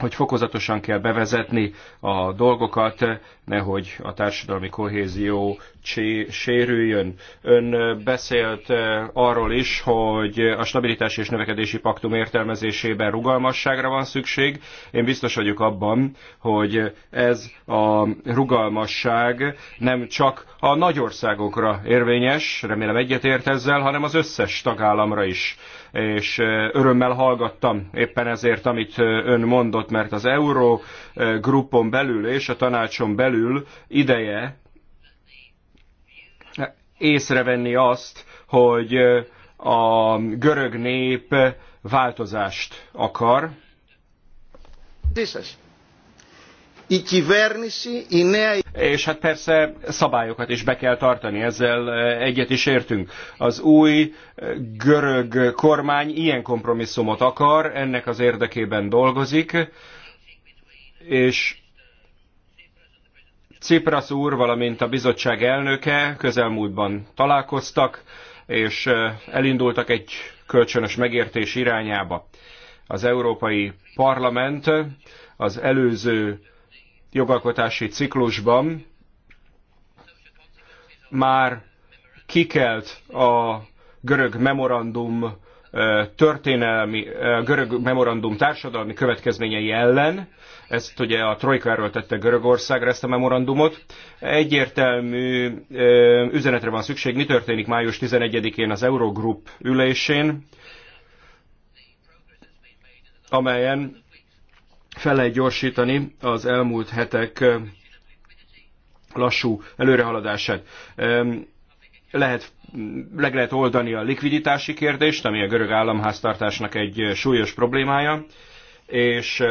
hogy fokozatosan kell bevezetni a dolgokat, nehogy a társadalmi kohézió sérüljön. Ön beszélt eh, arról is, hogy a stabilitási és növekedési paktum értelmezésében rugalmasságra van szükség. Én biztos vagyok abban, hogy ez a rugalmasság nem csak a nagy országokra érvényes, remélem egyetért ezzel, hanem az összes tagállamra is és örömmel hallgattam éppen ezért, amit ön mondott, mert az Euró grupon belül és a tanácson belül ideje észrevenni azt, hogy a görög nép változást akar. This is η κυβέρνηση, η νέα... És hát persze szabályokat is be kell tartani, ezzel e, egyet is értünk. Az új e, görög kormány ilyen kompromisszumot akar, ennek az érdekében dolgozik, és Cipras úr, valamint a bizottság elnöke közelmúltban találkoztak, és e, elindultak egy kölcsönös megértés irányába. Az Európai Parlament az előző jogalkotási ciklusban már kikelt a görög memorandum történelmi, görög memorandum társadalmi következményei ellen, ezt ugye a Trojka erőltette Görögországra ezt a memorandumot. Egyértelmű üzenetre van szükség, mi történik május 11-én az Eurogroup ülésén, amelyen fele gyorsítani az elmúlt hetek lassú előrehaladását. Lehet, meg lehet oldani a likviditási kérdést, ami a görög államháztartásnak egy súlyos problémája, és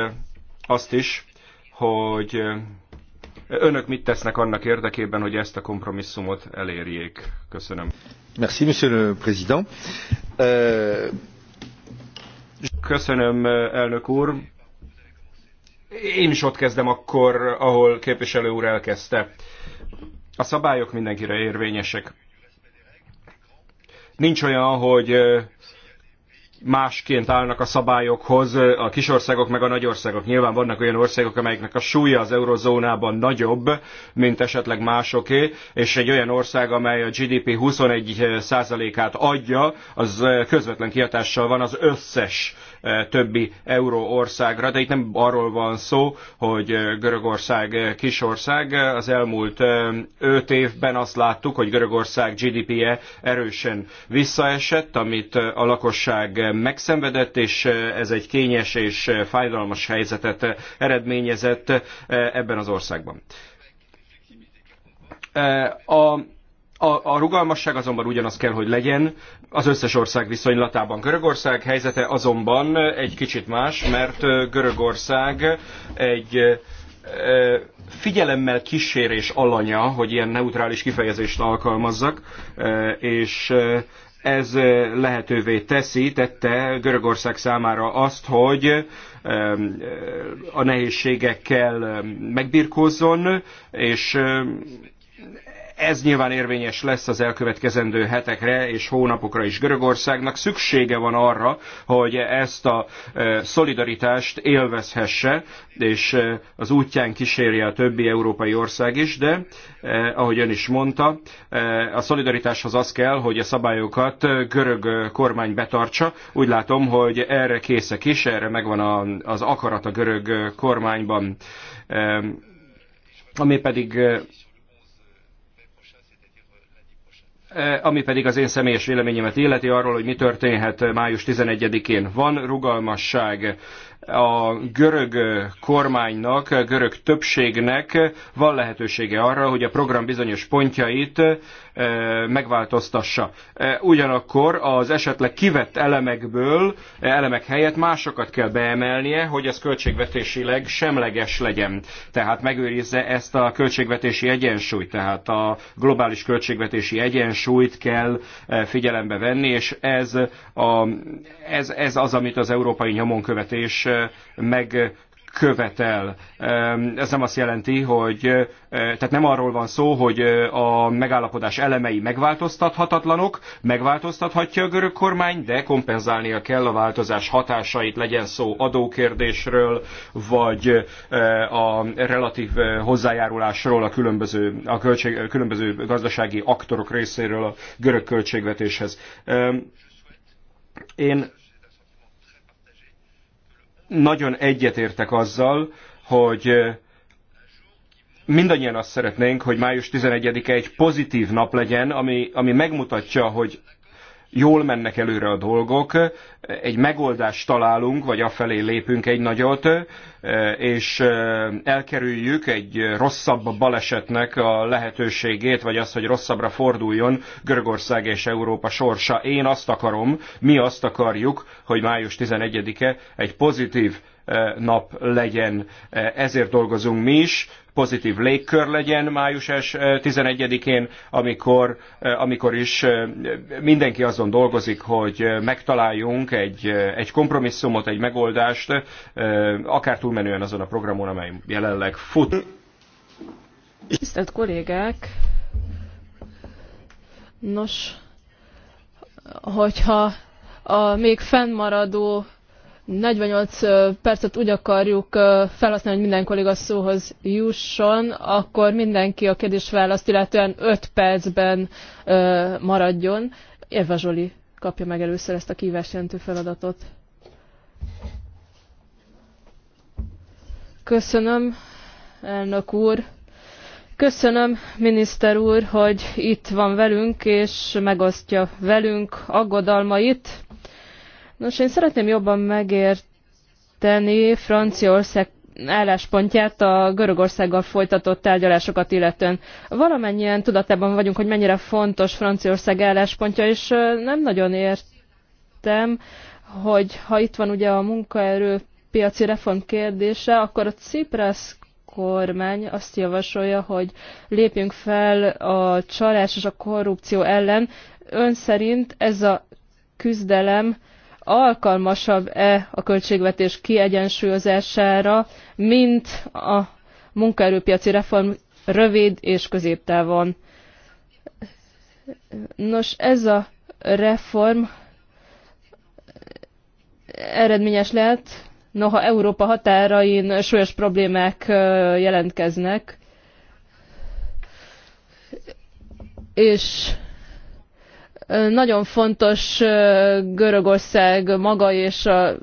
azt is, hogy önök mit tesznek annak érdekében, hogy ezt a kompromisszumot elérjék. Köszönöm. Merci, monsieur le président. Euh, Köszönöm, elnök úr. Én is ott kezdem akkor, ahol képviselő úr elkezdte. A szabályok mindenkire érvényesek. Nincs olyan, hogy másként állnak a szabályokhoz a kisországok meg a nagyországok. Nyilván vannak olyan országok, amelyeknek a súlya az eurozónában nagyobb, mint esetleg másoké, és egy olyan ország, amely a GDP 21%-át adja, az közvetlen kiatással van az összes E, többi euró országra, de itt nem arról van szó, hogy e, Görögország e, kisország. Az elmúlt öt évben azt láttuk, hogy Görögország GDP-je erősen visszaesett, amit a lakosság megszenvedett, és ez egy kényes és fájdalmas helyzetet eredményezett ebben az országban. A a, a rugalmasság azonban ugyanaz kell, hogy legyen az összes ország viszonylatában. Görögország helyzete azonban egy kicsit más, mert Görögország egy figyelemmel kísérés alanya, hogy ilyen neutrális kifejezést alkalmazzak, és ez lehetővé teszi, tette Görögország számára azt, hogy a nehézségekkel megbirkózzon, és ez nyilván érvényes lesz az elkövetkezendő hetekre és hónapokra is. Görögországnak szüksége van arra, hogy ezt a e, szolidaritást élvezhesse, és e, az útján kísérje a többi európai ország is, de e, ahogy ön is mondta, a szolidaritáshoz az kell, hogy a szabályokat görög kormány betartsa. Úgy látom, hogy erre készek is, erre megvan az akarat a görög kormányban ami pedig Eh, ami pedig az én személyes véleményemet illeti arról, hogy mi történhet május 11-én. Van rugalmasság a görög kormánynak, a görög többségnek van lehetősége arra, hogy a program bizonyos pontjait megváltoztassa. Ugyanakkor az esetleg kivett elemekből, elemek helyett másokat kell beemelnie, hogy ez költségvetésileg semleges legyen. Tehát megőrizze ezt a költségvetési egyensúlyt, tehát a globális költségvetési egyensúlyt kell figyelembe venni, és ez, a, ez, ez az, amit az európai nyomonkövetés meg követel. Ez nem azt jelenti, hogy eh, tehát nem arról van szó, hogy eh, a megállapodás elemei megváltoztathatatlanok, megváltoztathatja a görög kormány, de kompenzálnia kell a változás hatásait, legyen szó adókérdésről, vagy eh, a relatív hozzájárulásról a különböző, a költség, különböző gazdasági aktorok részéről a görög költségvetéshez. Én nagyon egyetértek azzal, hogy mindannyian azt szeretnénk, hogy május 11-e egy pozitív nap legyen, ami, ami megmutatja, hogy jól mennek előre a dolgok, egy megoldást találunk, vagy afelé lépünk egy nagyot, és elkerüljük egy rosszabb balesetnek a lehetőségét, vagy azt, hogy rosszabbra forduljon Görögország és Európa sorsa. Én azt akarom, mi azt akarjuk, hogy május 11-e egy pozitív eh, nap legyen. Eh, ezért dolgozunk mi is, pozitív légkör legyen május 11-én, amikor, amikor is mindenki azon dolgozik, hogy megtaláljunk egy, egy kompromisszumot, egy megoldást, akár túlmenően azon a programon, amely jelenleg fut. Tisztelt kollégák! Nos, hogyha a még fennmaradó 48 percet úgy akarjuk felhasználni, hogy minden kolléga szóhoz jusson, akkor mindenki a kérdés választ, illetően 5 percben maradjon. Érva Zsoli kapja meg először ezt a kívás jelentő feladatot. Köszönöm, elnök úr. Köszönöm, miniszter úr, hogy itt van velünk, és megosztja velünk aggodalmait Nos, én szeretném jobban megérteni Franciaország álláspontját a Görögországgal folytatott tárgyalásokat illetően. Valamennyien tudatában vagyunk, hogy mennyire fontos Franciaország álláspontja, és nem nagyon értem, hogy ha itt van ugye a munkaerő piaci reform kérdése, akkor a Ciprasz kormány azt javasolja, hogy lépjünk fel a csalás és a korrupció ellen. Ön szerint ez a küzdelem alkalmasabb-e a költségvetés kiegyensúlyozására, mint a munkaerőpiaci reform rövid és középtávon. Nos, ez a reform eredményes lehet, noha Európa határain súlyos problémák jelentkeznek, és nagyon fontos Görögország maga és a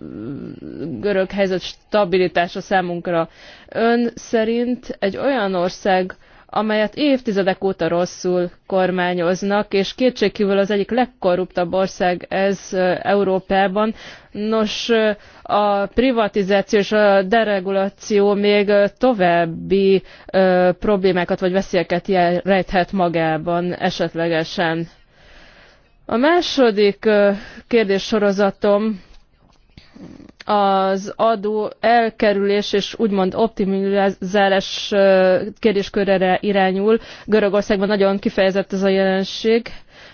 görög helyzet stabilitása számunkra. Ön szerint egy olyan ország, amelyet évtizedek óta rosszul kormányoznak, és kétségkívül az egyik legkorruptabb ország ez Európában. Nos, a privatizáció és a dereguláció még további problémákat vagy veszélyeket rejthet magában esetlegesen. A második kérdéssorozatom az adó elkerülés és úgymond optimizálás kérdéskörre irányul. Görögországban nagyon kifejezett ez a jelenség.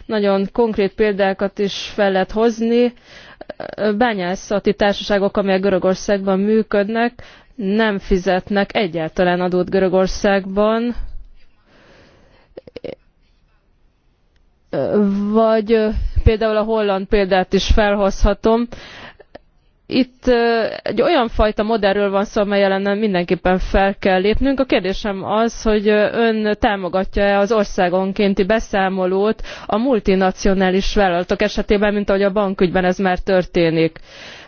Nagyon konkrét példákat is fel lehet hozni. Bányászati társaságok, amelyek Görögországban működnek, nem fizetnek egyáltalán adót Görögországban, vagy például a holland példát is felhozhatom. Itt egy olyan fajta modellről van szó, amely ellen mindenképpen fel kell lépnünk. A kérdésem az, hogy ön támogatja-e az országonkénti beszámolót a multinacionális vállalatok esetében, mint ahogy a bankügyben ez már történik.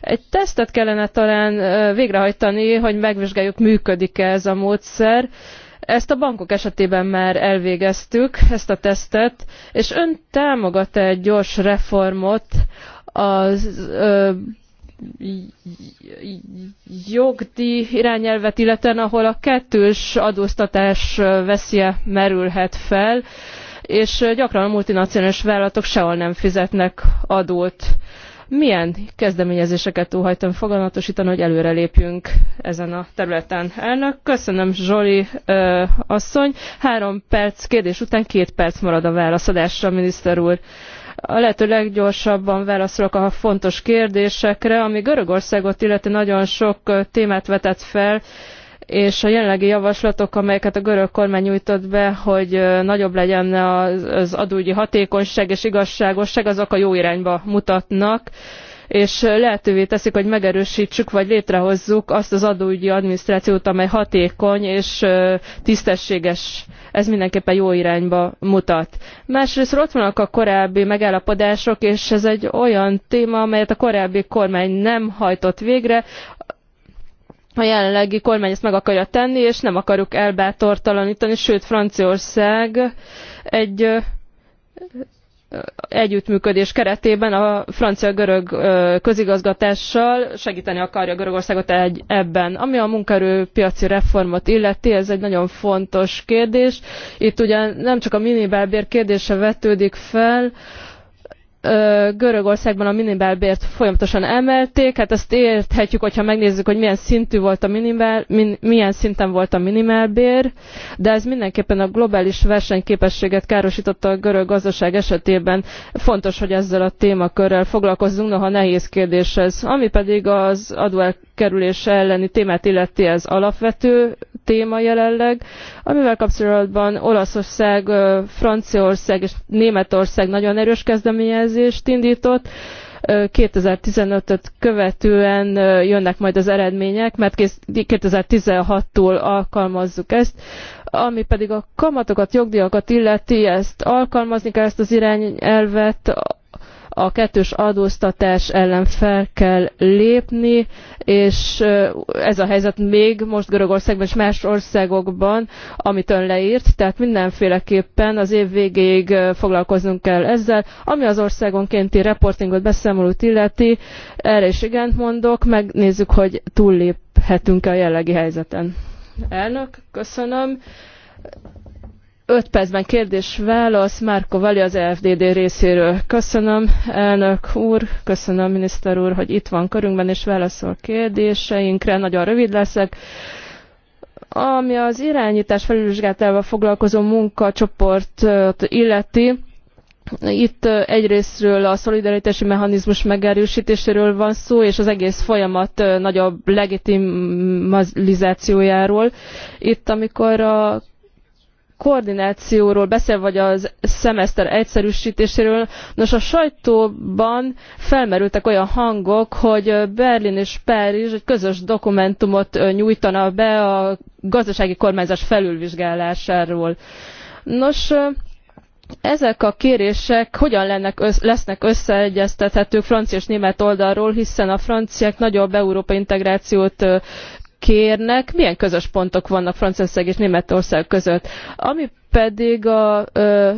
Egy tesztet kellene talán végrehajtani, hogy megvizsgáljuk, működik-e ez a módszer ezt a bankok esetében már elvégeztük, ezt a tesztet, és ön támogat egy gyors reformot az ö, irányelvet illetően, ahol a kettős adóztatás veszélye merülhet fel, és gyakran a multinacionális vállalatok sehol nem fizetnek adót. Ö, milyen kezdeményezéseket óhajtam foganatosítani, hogy előrelépjünk ezen a területen? Elnök, köszönöm Zsoli ö, asszony. Három perc kérdés után két perc marad a válaszadásra, miniszter úr a lehető leggyorsabban válaszolok a fontos kérdésekre, ami Görögországot illeti nagyon sok témát vetett fel, és a jelenlegi javaslatok, amelyeket a görög kormány nyújtott be, hogy nagyobb legyen az adógyi hatékonyság és igazságosság, azok a jó irányba mutatnak és lehetővé teszik, hogy megerősítsük vagy létrehozzuk azt az adóügyi adminisztrációt, amely hatékony és tisztességes. Ez mindenképpen jó irányba mutat. Másrészt ott vannak a korábbi megállapodások, és ez egy olyan téma, amelyet a korábbi kormány nem hajtott végre, a jelenlegi kormány ezt meg akarja tenni, és nem akarjuk elbátortalanítani, sőt Franciaország egy együttműködés keretében a francia-görög közigazgatással segíteni akarja Görögországot egy, ebben. Ami a munkaerőpiaci reformot illeti, ez egy nagyon fontos kérdés. Itt ugye nem csak a minimálbér kérdése vetődik fel, Görögországban a minimálbért folyamatosan emelték, hát ezt érthetjük, hogyha megnézzük, hogy milyen szintű volt a minimál, min, milyen szinten volt a minimálbér, de ez mindenképpen a globális versenyképességet károsította a görög gazdaság esetében. Fontos, hogy ezzel a témakörrel foglalkozzunk, noha nehéz kérdés ez. Ami pedig az adóelkerülés elleni témát illeti, ez alapvető téma jelenleg, amivel kapcsolatban Olaszország, Franciaország és Németország nagyon erős kezdeményez, kezdeményezést indított. 2015-öt követően jönnek majd az eredmények, mert 2016-tól alkalmazzuk ezt, ami pedig a kamatokat, jogdíjakat illeti, ezt alkalmazni kell ezt az irányelvet, a kettős adóztatás ellen fel kell lépni, és ez a helyzet még most Görögországban és más országokban, amit ön leírt, tehát mindenféleképpen az év végéig foglalkoznunk kell ezzel. Ami az országonkénti reportingot, beszámolót illeti, erre is igent mondok, megnézzük, hogy túlléphetünk-e a jellegi helyzeten. Elnök, köszönöm. 5 percben kérdés-válasz Márko Vali az FDD részéről. Köszönöm, elnök úr, köszönöm, miniszter úr, hogy itt van körünkben és válaszol kérdéseinkre. Nagyon rövid leszek. Ami az irányítás felülvizsgálatával foglalkozó munkacsoportot illeti, itt egyrésztről a szolidaritási mechanizmus megerősítéséről van szó, és az egész folyamat nagyobb legitimizációjáról. Itt, amikor a koordinációról beszél, vagy a szemeszter egyszerűsítéséről. Nos, a sajtóban felmerültek olyan hangok, hogy Berlin és Párizs egy közös dokumentumot nyújtana be a gazdasági kormányzás felülvizsgálásáról. Nos, ezek a kérések hogyan lennek, össz, lesznek összeegyeztethetők francia és német oldalról, hiszen a franciák nagyobb európai integrációt kérnek, milyen közös pontok vannak Franciaország és Németország között. Ami pedig a ö,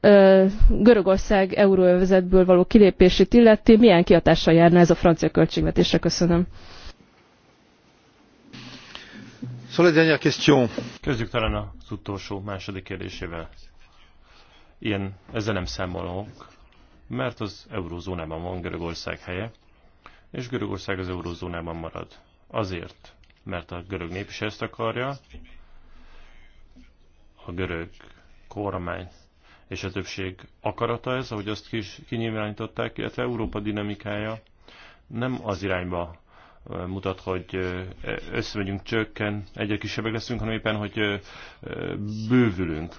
ö, Görögország euróövezetből való kilépését illeti, milyen kihatással járna ez a francia költségvetésre? Köszönöm. Kezdjük talán az utolsó második kérdésével. Ilyen, ezzel nem számolok, mert az eurózónában van Görögország helye, és Görögország az eurózónában marad. Azért, mert a görög nép is ezt akarja, a görög kormány és a többség akarata ez, ahogy azt kis, kinyilvánították, illetve Európa dinamikája nem az irányba mutat, hogy összemegyünk, csökken, egyre kisebbek leszünk, hanem éppen, hogy bővülünk.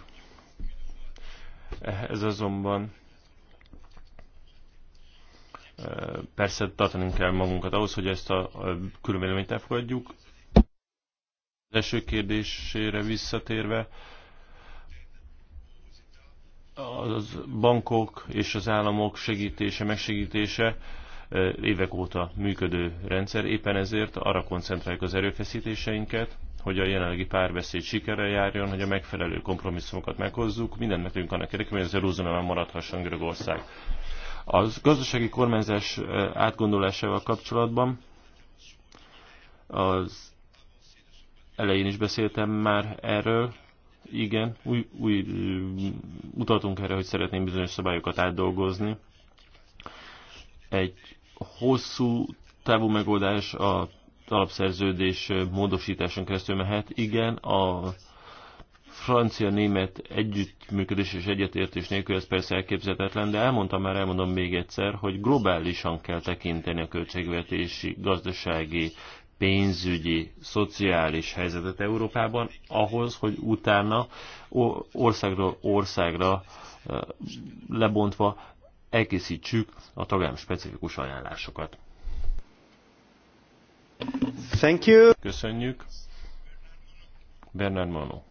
Ez azonban Persze tartani kell magunkat ahhoz, hogy ezt a különvéleményt elfogadjuk. Az első kérdésére visszatérve, az bankok és az államok segítése, megsegítése évek óta működő rendszer. Éppen ezért arra koncentráljuk az erőfeszítéseinket, hogy a jelenlegi párbeszéd sikerrel járjon, hogy a megfelelő kompromisszumokat meghozzuk, mindent megtudjunk annak érdekében, hogy az Jeruzsálem maradhasson Görögország. Az gazdasági kormányzás átgondolásával kapcsolatban az elején is beszéltem már erről, igen, új, új, utaltunk erre, hogy szeretném bizonyos szabályokat átdolgozni. Egy hosszú távú megoldás a alapszerződés módosításon keresztül mehet. Igen, a francia-német együttműködés és egyetértés nélkül ez persze elképzelhetetlen, de elmondtam már, elmondom még egyszer, hogy globálisan kell tekinteni a költségvetési, gazdasági, pénzügyi, szociális helyzetet Európában ahhoz, hogy utána országról országra lebontva elkészítsük a tagállam specifikus ajánlásokat. Thank you. Köszönjük. Bernard Mano.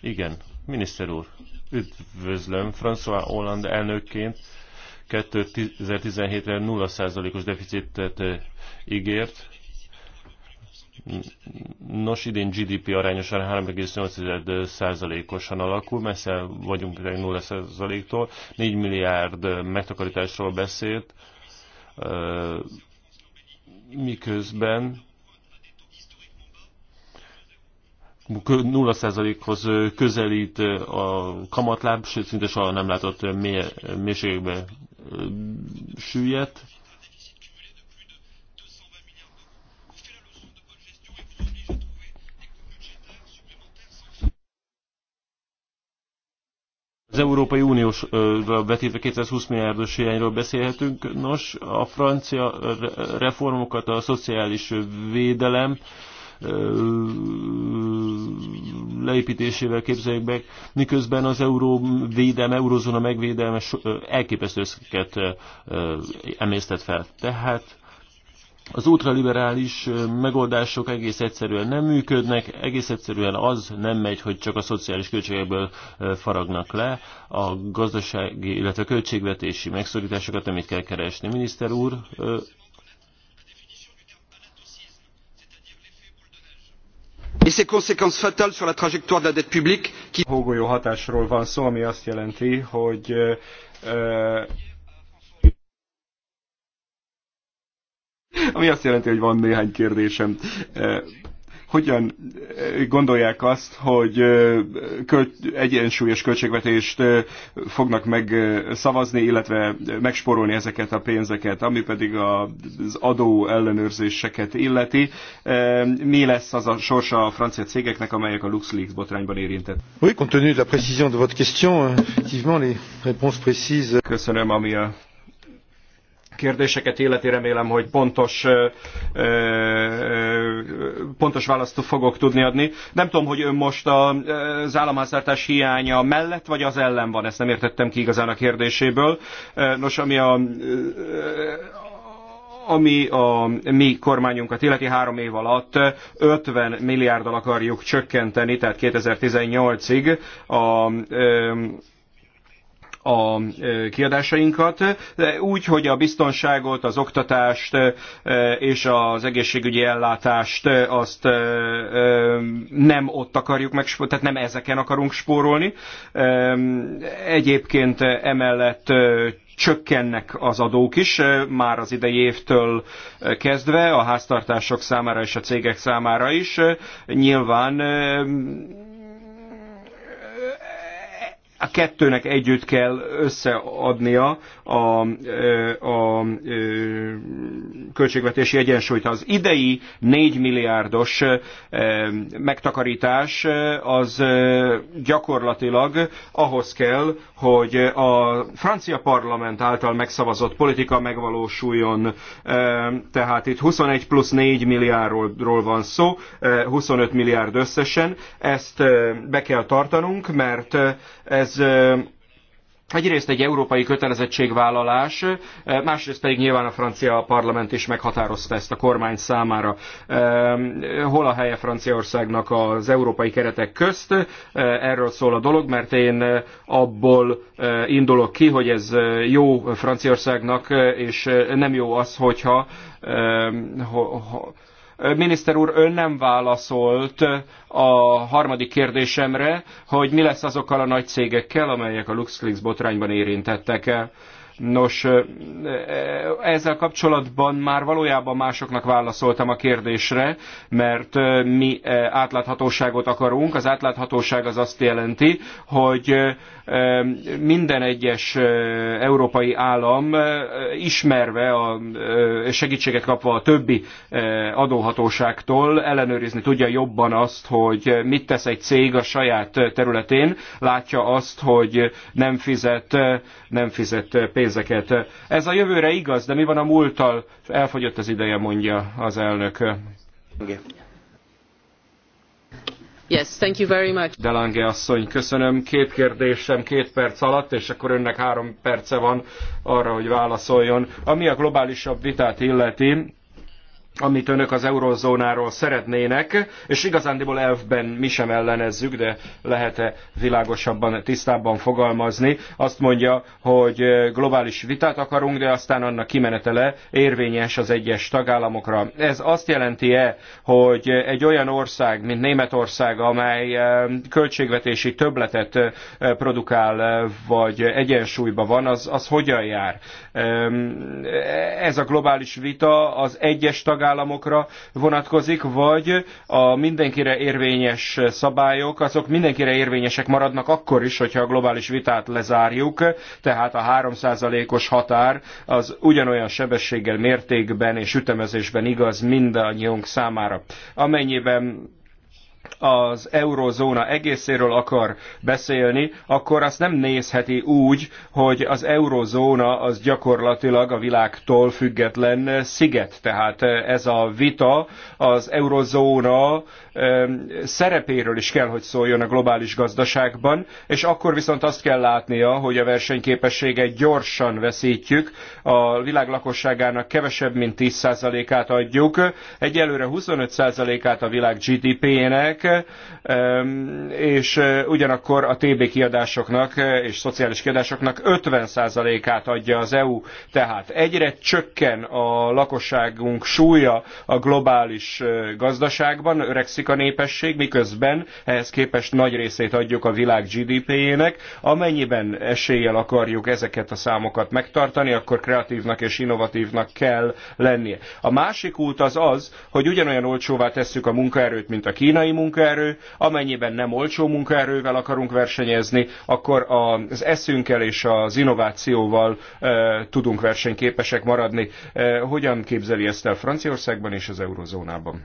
Igen, miniszter úr, üdvözlöm François Hollande elnökként. 2017-re 0%-os deficitet eh, ígért. Nos, idén GDP arányosan 3,8%-osan alakul, messze vagyunk 0%-tól. 4 milliárd eh, megtakarításról beszélt, eh, miközben 0%-hoz közelít a kamatláb, sőt szinte soha nem látott mély, mélységekbe süllyedt. Az Európai Uniós vetítve 220 milliárdos hiányról beszélhetünk. Nos, a francia reformokat a szociális védelem leépítésével képzeljük meg, miközben az euró védelme, eurozóna megvédelme elképesztő összeket emésztett fel. Tehát az ultraliberális megoldások egész egyszerűen nem működnek, egész egyszerűen az nem megy, hogy csak a szociális költségekből faragnak le, a gazdasági, illetve a költségvetési megszorításokat, amit kell keresni. Miniszter úr, et ses conséquences fatales sur la trajectoire de la dette publique qui... Hógolyó hatásról van szó, ami azt jelenti, hogy ami azt jelenti, hogy van néhány kérdésem hogyan eh, gondolják azt, hogy eh, egyensúlyos költségvetést eh, fognak megszavazni, illetve megsporolni ezeket a pénzeket, ami pedig az adó ellenőrzéseket illeti. Mi lesz az a sorsa a francia cégeknek, amelyek a LuxLeaks botrányban érintett? Oui, compte tenu de la précision de votre question, effectivement les réponses précises. Köszönöm, ami a kérdéseket illeti, remélem, hogy pontos, pontos választ fogok tudni adni. Nem tudom, hogy ön most az államháztartás hiánya mellett vagy az ellen van, ezt nem értettem ki igazán a kérdéséből. Nos, ami a, ami a mi kormányunkat illeti három év alatt 50 milliárddal akarjuk csökkenteni, tehát 2018-ig a a kiadásainkat, úgy, hogy a biztonságot, az oktatást és az egészségügyi ellátást azt nem ott akarjuk meg, tehát nem ezeken akarunk spórolni. Egyébként emellett csökkennek az adók is, már az idei évtől kezdve, a háztartások számára és a cégek számára is. Nyilván a kettőnek együtt kell összeadnia a, a, a, költségvetési egyensúlyt. Az idei 4 milliárdos megtakarítás az gyakorlatilag ahhoz kell, hogy a francia parlament által megszavazott politika megvalósuljon. Tehát itt 21 plusz 4 milliárdról van szó, 25 milliárd összesen. Ezt be kell tartanunk, mert ez ez Egyrészt egy európai kötelezettségvállalás, másrészt pedig nyilván a francia parlament is meghatározta ezt a kormány számára. Hol a helye Franciaországnak az európai keretek közt? Erről szól a dolog, mert én abból indulok ki, hogy ez jó Franciaországnak, és nem jó az, hogyha Miniszter úr, ön nem válaszolt a harmadik kérdésemre, hogy mi lesz azokkal a nagy cégekkel, amelyek a LuxLeaks botrányban érintettek. Nos, ezzel kapcsolatban már valójában másoknak válaszoltam a kérdésre, mert mi átláthatóságot akarunk. Az átláthatóság az azt jelenti, hogy minden egyes európai állam ismerve, a, segítséget kapva a többi adóhatóságtól ellenőrizni tudja jobban azt, hogy mit tesz egy cég a saját területén, látja azt, hogy nem fizet, nem fizet pénzt pénzeket. Ez a jövőre igaz, de mi van a múlttal? Elfogyott az ideje, mondja az elnök. Yes, thank you very much. Delange asszony, köszönöm. Két kérdésem két perc alatt, és akkor önnek három perce van arra, hogy válaszoljon. Ami a globálisabb vitát illeti, amit önök az eurozónáról szeretnének, és igazándiból elfben mi sem ellenezzük, de lehet-e világosabban, tisztábban fogalmazni. Azt mondja, hogy globális vitát akarunk, de aztán annak kimenetele érvényes az egyes tagállamokra. Ez azt jelenti-e, hogy egy olyan ország, mint Németország, amely eh, költségvetési többletet eh, produkál, eh, vagy egyensúlyban van, az, az hogyan jár? Ez a globális vita az egyes tagállamokra tagállamokra vonatkozik, vagy a mindenkire érvényes szabályok, azok mindenkire érvényesek maradnak akkor is, hogyha a globális vitát lezárjuk, tehát a 3%-os határ az ugyanolyan sebességgel, mértékben és ütemezésben igaz mindannyiunk számára. Amennyiben az eurozóna egészéről akar beszélni, akkor azt nem nézheti úgy, hogy az eurozóna az gyakorlatilag a világtól független sziget. Tehát ez a vita az eurozóna szerepéről is kell, hogy szóljon a globális gazdaságban, és akkor viszont azt kell látnia, hogy a versenyképességet gyorsan veszítjük, a világ lakosságának kevesebb, mint 10%-át adjuk, egyelőre 25%-át a világ GDP-nek, nőnek, és eh, ugyanakkor a TB kiadásoknak eh, és szociális kiadásoknak 50%-át adja az EU. Tehát egyre csökken a lakosságunk súlya a globális eh, gazdaságban, öregszik a népesség, miközben ehhez képest nagy részét adjuk a világ GDP-jének. Amennyiben eséllyel akarjuk ezeket a számokat megtartani, akkor kreatívnak és innovatívnak kell lennie. A másik út az az, hogy ugyanolyan olcsóvá tesszük a munkaerőt, mint a kínai munkaerő, amennyiben nem olcsó munkaerővel akarunk versenyezni, akkor az eszünkkel és az innovációval tudunk versenyképesek maradni. Hogyan képzeli ezt el Franciaországban és az eurozónában?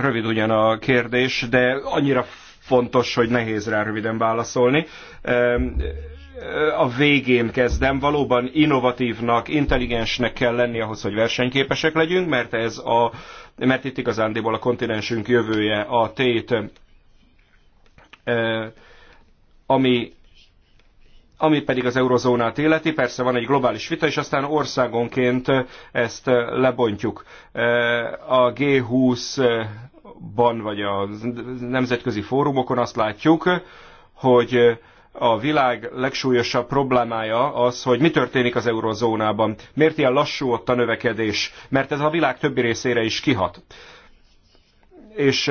Rövid ugyan a kérdés, de annyira fontos, hogy nehéz rá röviden válaszolni a végén kezdem. Valóban innovatívnak, intelligensnek kell lenni ahhoz, hogy versenyképesek legyünk, mert ez a, mert itt igazándiból a kontinensünk jövője a tét, ami ami pedig az eurozónát életi, persze van egy globális vita, és aztán országonként ezt lebontjuk. A G20-ban, vagy a nemzetközi fórumokon azt látjuk, hogy a világ legsúlyosabb problémája az, hogy mi történik az eurozónában. Miért ilyen lassú ott a növekedés? Mert ez a világ többi részére is kihat. És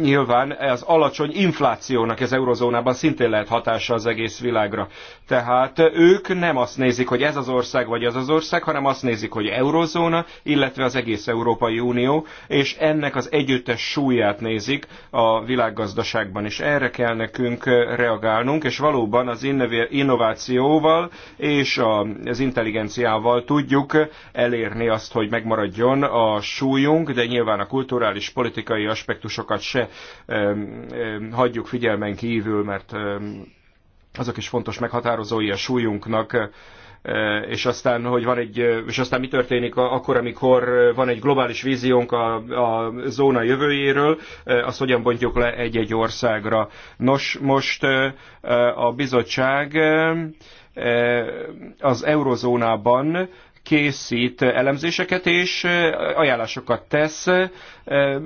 nyilván az alacsony inflációnak az eurozónában szintén lehet hatása az egész világra. Tehát ők nem azt nézik, hogy ez az ország vagy az az ország, hanem azt nézik, hogy eurozóna, illetve az egész Európai Unió, és ennek az együttes súlyát nézik a világgazdaságban, és erre kell nekünk reagálnunk, és valóban az innovációval és az intelligenciával tudjuk elérni azt, hogy megmaradjon a súlyunk, de nyilván a kulturális, politikai aspektusokat se hagyjuk figyelmen kívül, mert azok is fontos meghatározói a súlyunknak, e, és aztán, hogy van egy, és aztán mi történik akkor, amikor van egy globális víziónk a, a zóna jövőjéről, e, azt hogyan bontjuk le egy-egy országra. Nos, most e, a bizottság az eurozónában készít elemzéseket és ajánlásokat tesz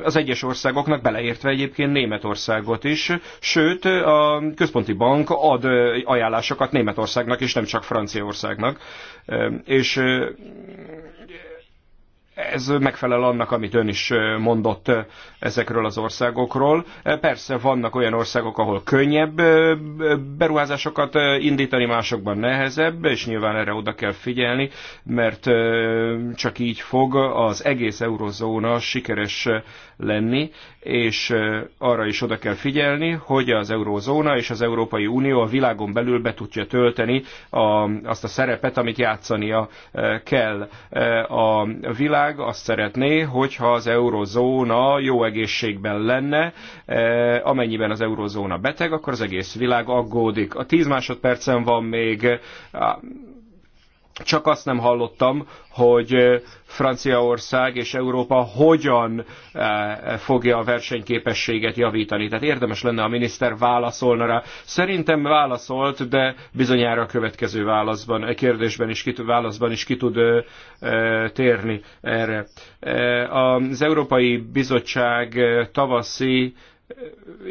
az egyes országoknak, beleértve egyébként Németországot is, sőt a központi bank ad ajánlásokat Németországnak és nem csak Franciaországnak. És ez megfelel annak, amit ön is mondott ezekről az országokról. Persze vannak olyan országok, ahol könnyebb beruházásokat indítani, másokban nehezebb, és nyilván erre oda kell figyelni, mert csak így fog az egész eurozóna sikeres lenni, és arra is oda kell figyelni, hogy az eurozóna és az Európai Unió a világon belül be tudja tölteni azt a szerepet, amit játszania kell. A világ világ azt szeretné, hogyha az eurozóna jó egészségben lenne, eh, amennyiben az eurozóna beteg, akkor az egész világ aggódik. A 10 másodpercen van még csak azt nem hallottam, hogy Franciaország és Európa hogyan fogja a versenyképességet javítani. Tehát érdemes lenne, a miniszter válaszolna rá. Szerintem válaszolt, de bizonyára a következő válaszban, a kérdésben is, válaszban is ki tud térni erre. Az Európai Bizottság tavaszi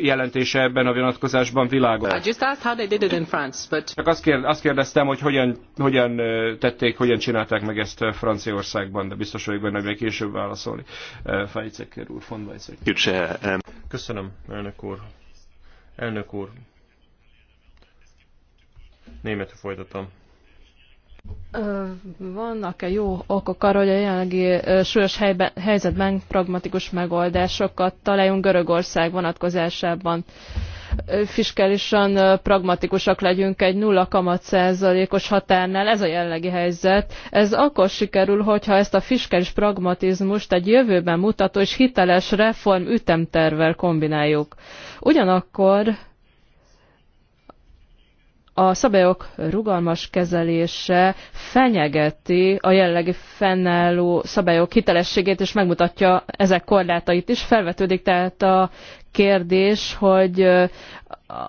jelentése ebben a vonatkozásban világos. Csak azt, azt kérdeztem, hogy hogyan, hogyan tették, hogyan csinálták meg ezt Franciaországban, de biztos vagyok benne, hogy még később válaszolni. Fejceker úr, von Köszönöm, elnök úr. Elnök úr. Németül folytatom. Vannak-e jó okok arra, hogy a jelenlegi súlyos helyben, helyzetben pragmatikus megoldásokat találjunk Görögország vonatkozásában? fiskálisan pragmatikusak legyünk egy nulla kamat százalékos határnál, ez a jellegi helyzet. Ez akkor sikerül, hogyha ezt a fiskális pragmatizmust egy jövőben mutató és hiteles reform ütemtervel kombináljuk. Ugyanakkor a szabályok rugalmas kezelése fenyegeti a jelenlegi fennálló szabályok hitelességét, és megmutatja ezek korlátait is. Felvetődik tehát a kérdés, hogy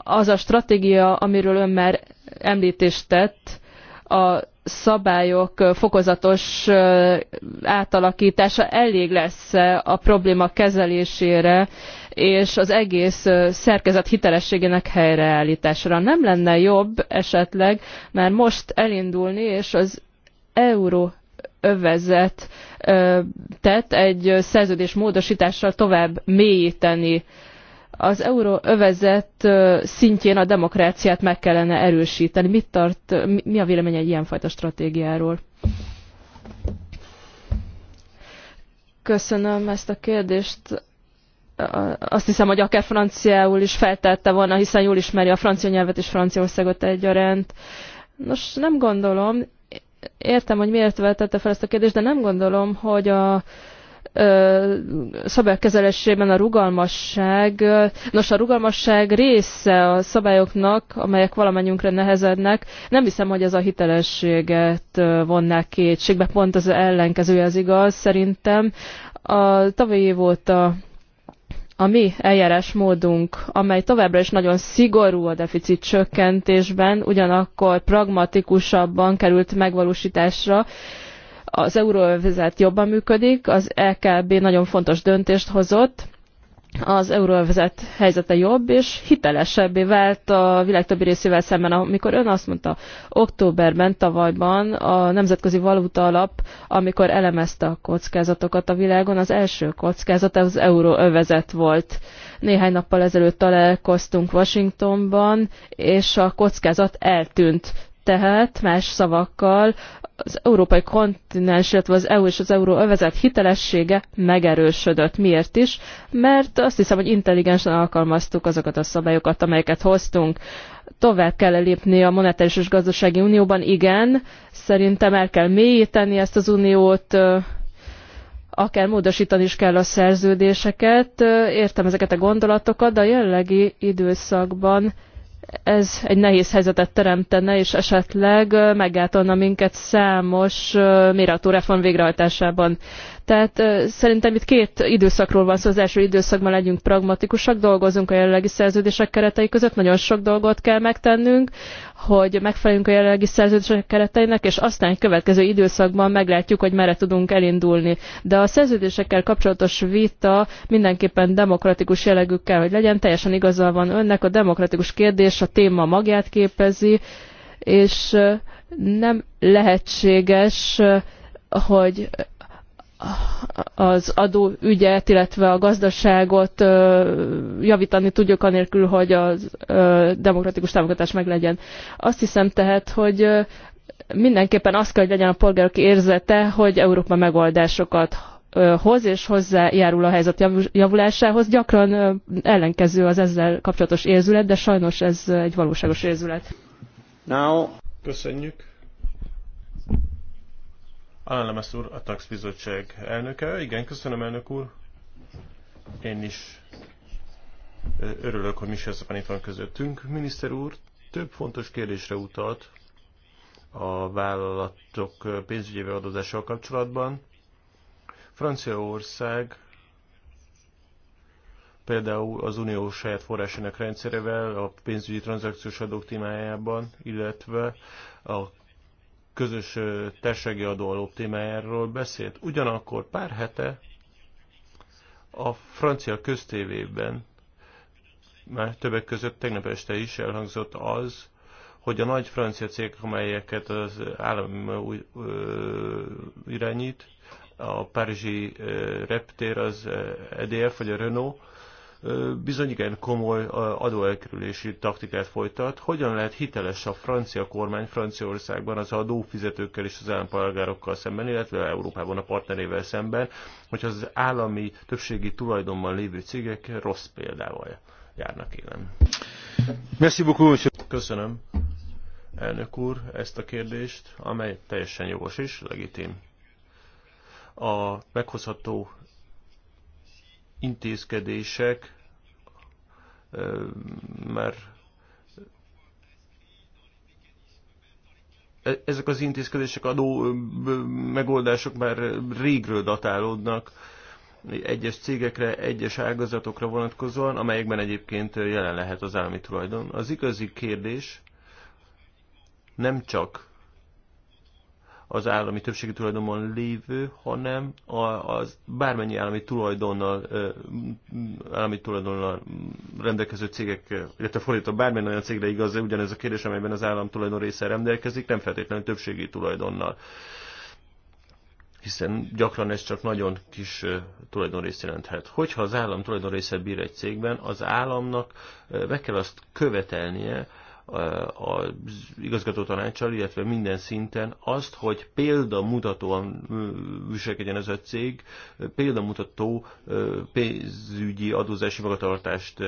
az a stratégia, amiről ön már említést tett, a szabályok fokozatos átalakítása elég lesz a probléma kezelésére, és az egész szerkezet hitelességének helyreállításra. Nem lenne jobb esetleg már most elindulni, és az euró övezet tett egy szerződés módosítással tovább mélyíteni. Az euró övezet szintjén a demokráciát meg kellene erősíteni. Mit tart, mi a vélemény egy ilyenfajta stratégiáról? Köszönöm ezt a kérdést azt hiszem, hogy akár franciául is feltette volna, hiszen jól ismeri a francia nyelvet és Franciaországot egyaránt. Nos, nem gondolom, értem, hogy miért vetette fel ezt a kérdést, de nem gondolom, hogy a szabályok a rugalmasság, nos a rugalmasság része a szabályoknak, amelyek valamennyünkre nehezednek, nem hiszem, hogy ez a hitelességet vonná kétségbe, pont az ellenkezője az igaz, szerintem a tavalyi év óta a mi eljárásmódunk, amely továbbra is nagyon szigorú a deficit csökkentésben, ugyanakkor pragmatikusabban került megvalósításra, az euróövezet jobban működik, az EKB nagyon fontos döntést hozott, az euróvezet helyzete jobb, és hitelesebbé vált a világ többi részével szemben, amikor ön azt mondta októberben, tavalyban a Nemzetközi Valuta Alap, amikor elemezte a kockázatokat a világon, az első kockázat az euróövezet volt. Néhány nappal ezelőtt találkoztunk Washingtonban, és a kockázat eltűnt. Tehát más szavakkal az európai kontinens, illetve az EU és az övezet hitelessége megerősödött. Miért is? Mert azt hiszem, hogy intelligensen alkalmaztuk azokat a szabályokat, amelyeket hoztunk. Tovább kell -e lépni a monetáris és gazdasági unióban, igen. Szerintem el kell mélyíteni ezt az uniót, akár módosítani is kell a szerződéseket. Értem ezeket a gondolatokat, de a jelenlegi időszakban ez egy nehéz helyzetet teremtene, és esetleg meggátolna minket számos méretú reform végrehajtásában. Tehát szerintem itt két időszakról van szó, szóval az első időszakban legyünk pragmatikusak, dolgozunk a jelenlegi szerződések keretei között, nagyon sok dolgot kell megtennünk hogy megfeleljünk a jelenlegi szerződések kereteinek, és aztán egy következő időszakban meglátjuk, hogy merre tudunk elindulni. De a szerződésekkel kapcsolatos vita mindenképpen demokratikus jellegű kell, hogy legyen. Teljesen igazal van önnek, a demokratikus kérdés a téma magját képezi, és nem lehetséges, hogy az adóügyet, illetve a gazdaságot javítani tudjuk anélkül, hogy a demokratikus támogatás meglegyen. Azt hiszem tehát, hogy mindenképpen az kell, hogy legyen a polgárok érzete, hogy Európa megoldásokat hoz és hozzájárul a helyzet javulásához. Gyakran ellenkező az ezzel kapcsolatos érzület, de sajnos ez egy valóságos érzület. Now. Köszönjük. Alan Lemesz úr, a TAX bizottság elnöke. Igen, köszönöm elnök úr. Én is örülök, hogy Michel Szapán itt van közöttünk. Miniszter úr, több fontos kérdésre utalt a vállalatok pénzügyi adózással kapcsolatban. Franciaország például az unió saját forrásának rendszerével, a pénzügyi tranzakciós adók témájában, illetve a közös tessegi adóalók témájáról beszélt. Ugyanakkor pár hete a francia köztévében, már többek között tegnap este is elhangzott az, hogy a nagy francia cégek, amelyeket az állam új, ö, irányít, a párizsi reptér, az EDF vagy a Renault, bizony igen komoly adóelkerülési taktikát folytat. Hogyan lehet hiteles a francia kormány Franciaországban az adófizetőkkel és az állampolgárokkal szemben, illetve Európában a partnerével szemben, hogyha az állami többségi tulajdonban lévő cégek rossz példával járnak élen? Merci beaucoup, Köszönöm, elnök úr, ezt a kérdést, amely teljesen jogos és legitim. A meghozható intézkedések már e, ezek az intézkedések, adó megoldások már régről datálódnak egyes cégekre, egyes ágazatokra vonatkozóan, amelyekben egyébként jelen lehet az állami tulajdon. Az igazi kérdés nem csak az állami többségi tulajdonban lévő, hanem az bármennyi állami tulajdonnal, állami tulajdonnal rendelkező cégek, illetve fordítva bármilyen olyan cégre igaz, ugyanez a kérdés, amelyben az állam tulajdon része rendelkezik, nem feltétlenül többségi tulajdonnal hiszen gyakran ez csak nagyon kis tulajdonrészt jelenthet. Hogyha az állam tulajdonrészet bír egy cégben, az államnak be kell azt követelnie, az igazgató tanácsal, illetve minden szinten azt, hogy példamutatóan viselkedjen ez a cég, példamutató pénzügyi adózási magatartást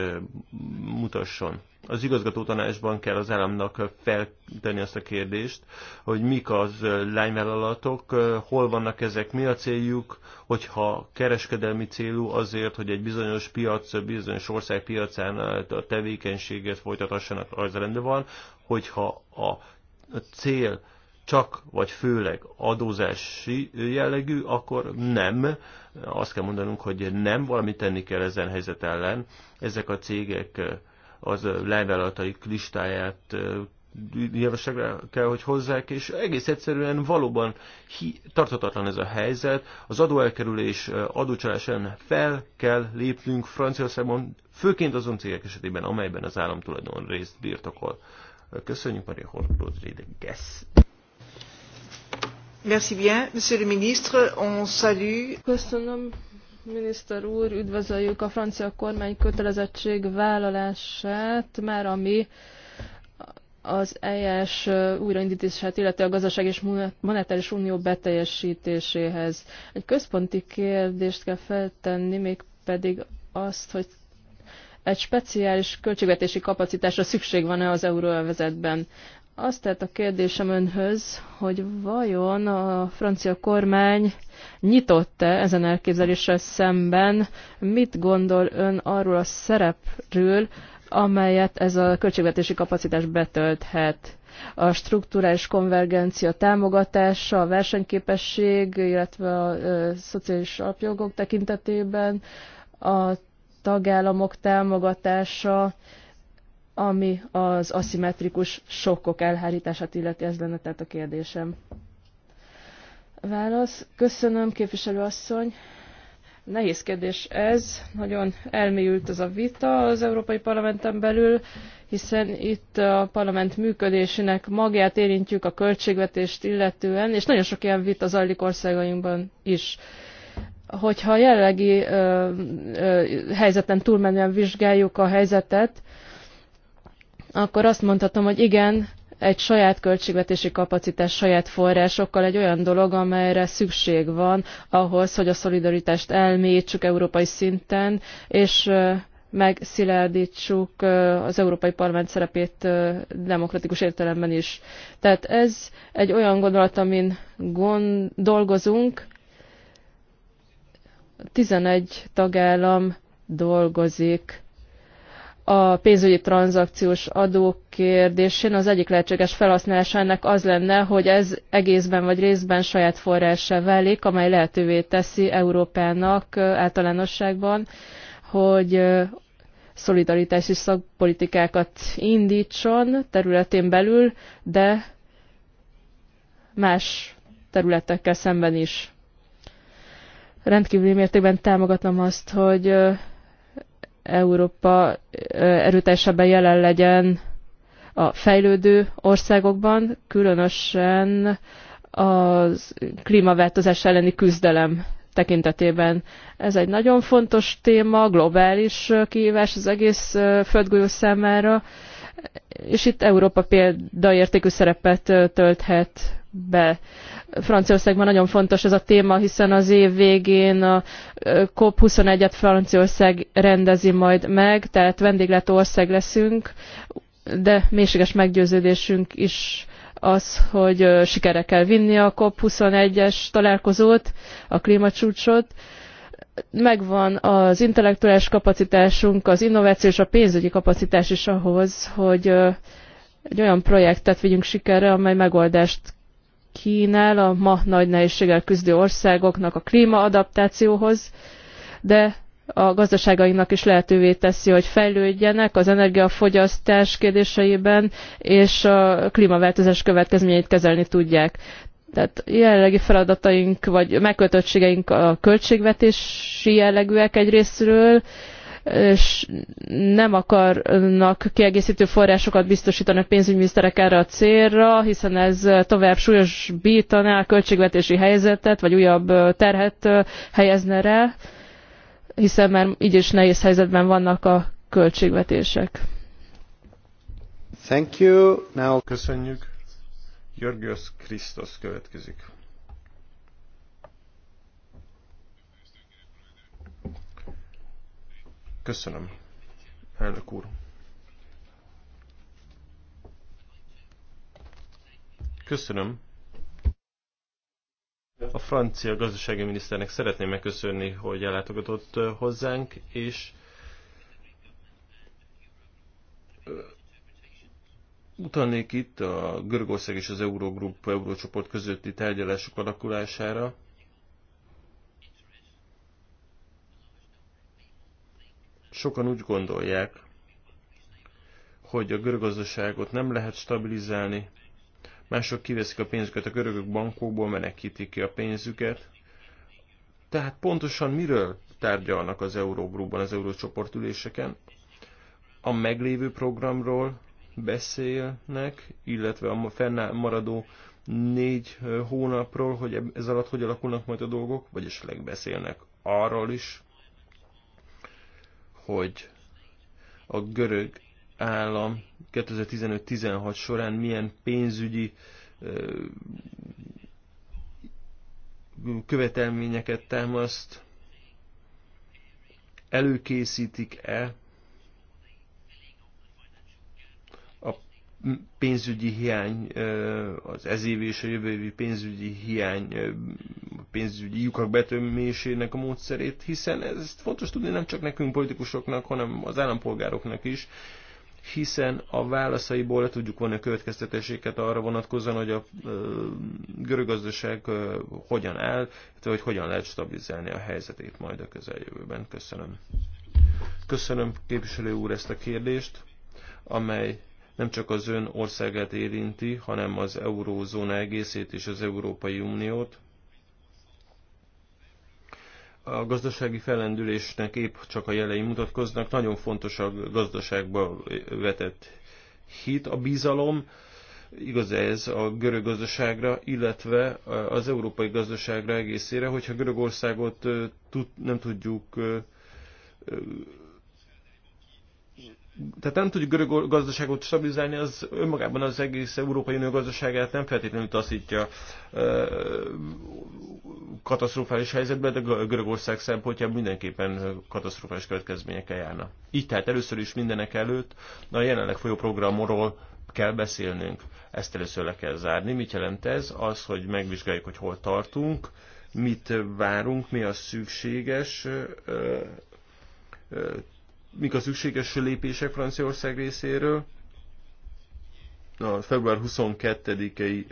mutasson. Az igazgató tanácsban kell az államnak feltenni azt a kérdést, hogy mik az lányvállalatok, hol vannak ezek, mi a céljuk, hogyha kereskedelmi célú azért, hogy egy bizonyos piac, bizonyos ország piacán a tevékenységet folytatassanak, az rendben van, hogyha a cél csak vagy főleg adózási jellegű, akkor nem. Azt kell mondanunk, hogy nem, valamit tenni kell ezen helyzet ellen. Ezek a cégek az lányvállalataik listáját nyilvánosságra kell, hogy hozzák, és egész egyszerűen valóban hi- tartatatlan ez a helyzet. Az adóelkerülés adócsalás ellen fel kell lépnünk Franciaországban, főként azon cégek esetében, amelyben az állam tulajdon részt birtokol. Köszönjük, Maria Hortbrod Rédegesz. Merci bien, monsieur le ministre, on salue. Köszönöm, Miniszter úr, üdvözöljük a francia kormány kötelezettség vállalását, már ami az ES újraindítását, illetve a gazdaság és monetáris unió beteljesítéséhez. Egy központi kérdést kell feltenni, mégpedig azt, hogy egy speciális költségvetési kapacitásra szükség van-e az euróövezetben. Azt tehát a kérdésem önhöz, hogy vajon a francia kormány nyitott-e ezen elképzeléssel szemben, mit gondol ön arról a szerepről, amelyet ez a költségvetési kapacitás betölthet? A strukturális konvergencia támogatása, a versenyképesség, illetve a ö, szociális alapjogok tekintetében, a tagállamok támogatása, ami az aszimmetrikus sokkok elhárítását illeti, ez lenne tehát a kérdésem. Válasz. Köszönöm, képviselő asszony. Nehéz kérdés ez, nagyon elmélyült ez a vita az Európai Parlamenten belül, hiszen itt a parlament működésének magját érintjük a költségvetést illetően, és nagyon sok ilyen vita zajlik országainkban is. Hogyha a jelenlegi ö, ö, helyzeten túlmenően vizsgáljuk a helyzetet, ö, akkor azt mondhatom, hogy igen, egy saját költségvetési kapacitás, saját forrásokkal egy olyan dolog, amelyre szükség van ahhoz, hogy a szolidaritást elmélyítsük európai szinten, és megszilárdítsuk az Európai Parlament szerepét demokratikus értelemben is. Tehát ez egy olyan gondolat, amin gond, dolgozunk. 11 tagállam dolgozik a pénzügyi tranzakciós adó kérdésén az egyik lehetséges felhasználása ennek az lenne, hogy ez egészben vagy részben saját forrássá válik, amely lehetővé teszi Európának általánosságban, hogy szolidaritási szakpolitikákat indítson területén belül, de más területekkel szemben is. Rendkívüli mértékben támogatom azt, hogy Európa erőteljesebben jelen legyen a fejlődő országokban, különösen a klímaváltozás elleni küzdelem tekintetében. Ez egy nagyon fontos téma, globális kihívás az egész földgolyó számára, és itt Európa példaértékű szerepet tölthet be. Franciaországban nagyon fontos ez a téma, hiszen az év végén a COP21-et Franciaország rendezi majd meg, tehát vendéglátó ország leszünk, de mélységes meggyőződésünk is az, hogy sikere kell vinni a COP21-es találkozót, a klímacsúcsot. Megvan az intellektuális kapacitásunk, az innováció és a pénzügyi kapacitás is ahhoz, hogy egy olyan projektet vigyünk sikerre, amely megoldást kínál a ma nagy nehézséggel küzdő országoknak a klímaadaptációhoz, de a gazdaságainknak is lehetővé teszi, hogy fejlődjenek az energiafogyasztás kérdéseiben, és a klímaváltozás következményeit kezelni tudják. Tehát jelenlegi feladataink, vagy megkötöttségeink a költségvetési jellegűek egyrésztről, részről, és nem akarnak kiegészítő forrásokat biztosítani a pénzügyminiszterek erre a célra, hiszen ez tovább súlyosbtaná a költségvetési helyzetet, vagy újabb terhet helyezne rá, hiszen már így is nehéz helyzetben vannak a költségvetések. Thank you. Now... Köszönjük. Jörgös Krisztus következik. Köszönöm, elnök úr. Köszönöm. A francia gazdasági miniszternek szeretném megköszönni, hogy ellátogatott hozzánk, és utalnék itt a Görögország és az Eurogroup Eurócsoport közötti tárgyalások alakulására. Sokan úgy gondolják, hogy a görögazdaságot nem lehet stabilizálni, mások kiveszik a pénzüket a görögök bankokból, menekítik ki a pénzüket. Tehát pontosan miről tárgyalnak az Eurógrúban, az eurócsoportüléseken? A meglévő programról beszélnek, illetve a fennmaradó négy hónapról, hogy ez alatt hogy alakulnak majd a dolgok, vagy esetleg beszélnek arról is, hogy a görög állam 2015-16 során milyen pénzügyi követelményeket támaszt, előkészítik-e pénzügyi hiány, az ez év és a jövő évi pénzügyi hiány, pénzügyi lyukak betömésének a módszerét, hiszen ezt fontos tudni nem csak nekünk politikusoknak, hanem az állampolgároknak is, hiszen a válaszaiból le tudjuk vonni a következtetéséket arra vonatkozóan, hogy a görög gazdaság hogyan áll, hogy hogyan lehet stabilizálni a helyzetét majd a közeljövőben. Köszönöm. Köszönöm képviselő úr ezt a kérdést, amely nem csak az ön országát érinti, hanem az eurózóna egészét és az Európai Uniót. A gazdasági fellendülésnek épp csak a jelei mutatkoznak, nagyon fontos a gazdaságba vetett hit, a bizalom, igaz ez a görög gazdaságra, illetve az európai gazdaságra egészére, hogyha Görögországot nem tudjuk tehát nem tudjuk görög gazdaságot stabilizálni, az önmagában az egész Európai Unió gazdaságát nem feltétlenül taszítja katasztrofális helyzetbe, de Görögország szempontjából mindenképpen katasztrofális következményekkel járna. Így tehát először is mindenek előtt a jelenleg folyó programról kell beszélnünk. Ezt először le kell zárni. Mit jelent ez? Az, hogy megvizsgáljuk, hogy hol tartunk, mit várunk, mi a szükséges, mik a szükséges lépések Franciaország részéről. A február 22-i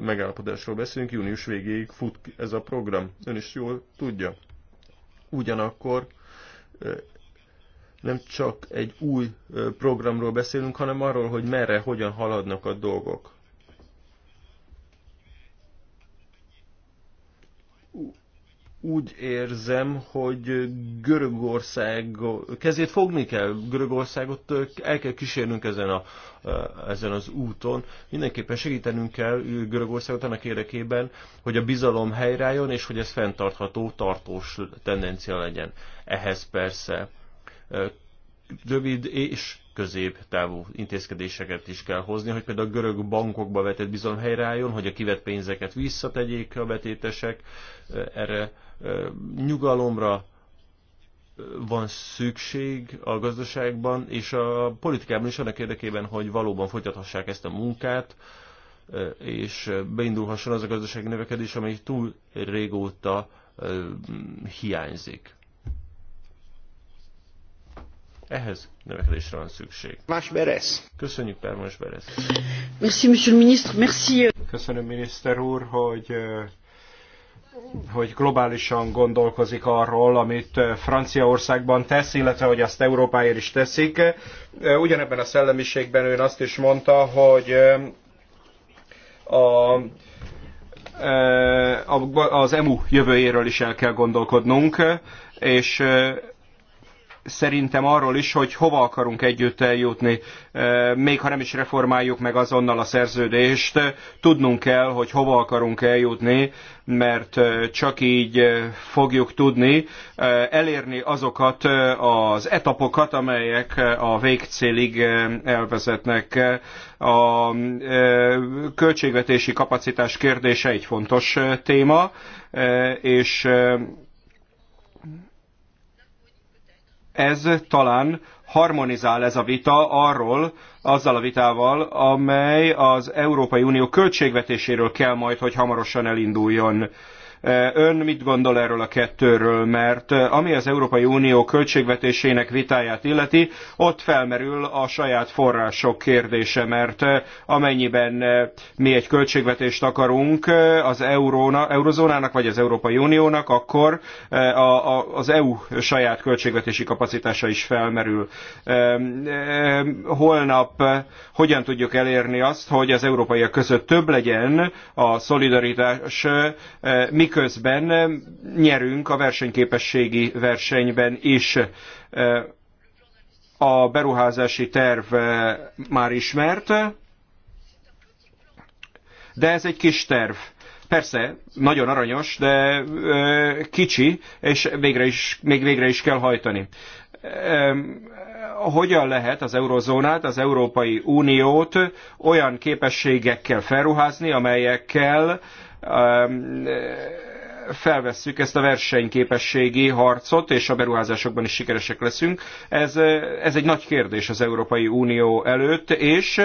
megállapodásról beszélünk, június végéig fut ez a program. Ön is jól tudja. Ugyanakkor nem csak egy új programról beszélünk, hanem arról, hogy merre, hogyan haladnak a dolgok. úgy érzem, hogy Görögország kezét fogni kell, Görögországot el kell kísérnünk ezen, a, ezen az úton. Mindenképpen segítenünk kell Görögországot annak érdekében, hogy a bizalom helyrájon, és hogy ez fenntartható, tartós tendencia legyen. Ehhez persze rövid és középtávú intézkedéseket is kell hozni, hogy például a görög bankokba vetett bizalom helyreálljon, hogy a kivett pénzeket visszategyék a betétesek, erre nyugalomra van szükség a gazdaságban és a politikában is annak érdekében, hogy valóban folytathassák ezt a munkát, és beindulhasson az a gazdasági növekedés, amely túl régóta hiányzik. Ehhez növekedésre van szükség. Más Beres. Köszönjük, Permas Beres. Merci, monsieur le ministre. Merci. Euh, Köszönöm, miniszter úr, hogy euh, hogy globálisan gondolkozik arról, amit euh, Franciaországban tesz, illetve hogy azt Európáért is teszik. Ugyanebben a szellemiségben ön azt is mondta, hogy a, az EMU jövőjéről is el kell gondolkodnunk, és szerintem arról is, hogy hova akarunk együtt eljutni. E, még ha nem is reformáljuk meg azonnal a szerződést, e, tudnunk kell, hogy hova akarunk eljutni, mert e, csak így fogjuk tudni elérni azokat az etapokat, amelyek a végcélig elvezetnek. A költségvetési kapacitás kérdése egy fontos téma, és ez talán harmonizál ez a vita arról, azzal a vitával, amely az Európai Unió költségvetéséről kell majd, hogy hamarosan elinduljon. Ön mit gondol erről a kettőről? Mert eh, ami az Európai Unió költségvetésének vitáját illeti, ott felmerül a saját források kérdése, mert eh, amennyiben eh, mi egy költségvetést akarunk az euróna, eurozónának vagy az Európai Uniónak, akkor a, a, az EU saját költségvetési kapacitása is felmerül. Holnap hogyan tudjuk elérni azt, hogy az európaiak között több legyen a szolidaritás, mik miközben eh, nyerünk a versenyképességi versenyben is. Eh, a beruházási terv eh, már ismert, de ez egy kis terv. Persze, nagyon aranyos, de ö, kicsi, és végre is, még végre is kell hajtani. Ö, hogyan lehet az eurozónát, az Európai Uniót olyan képességekkel felruházni, amelyekkel felvesszük ezt a versenyképességi harcot, és a beruházásokban is sikeresek leszünk. Ez, ez egy nagy kérdés az Európai Unió előtt, és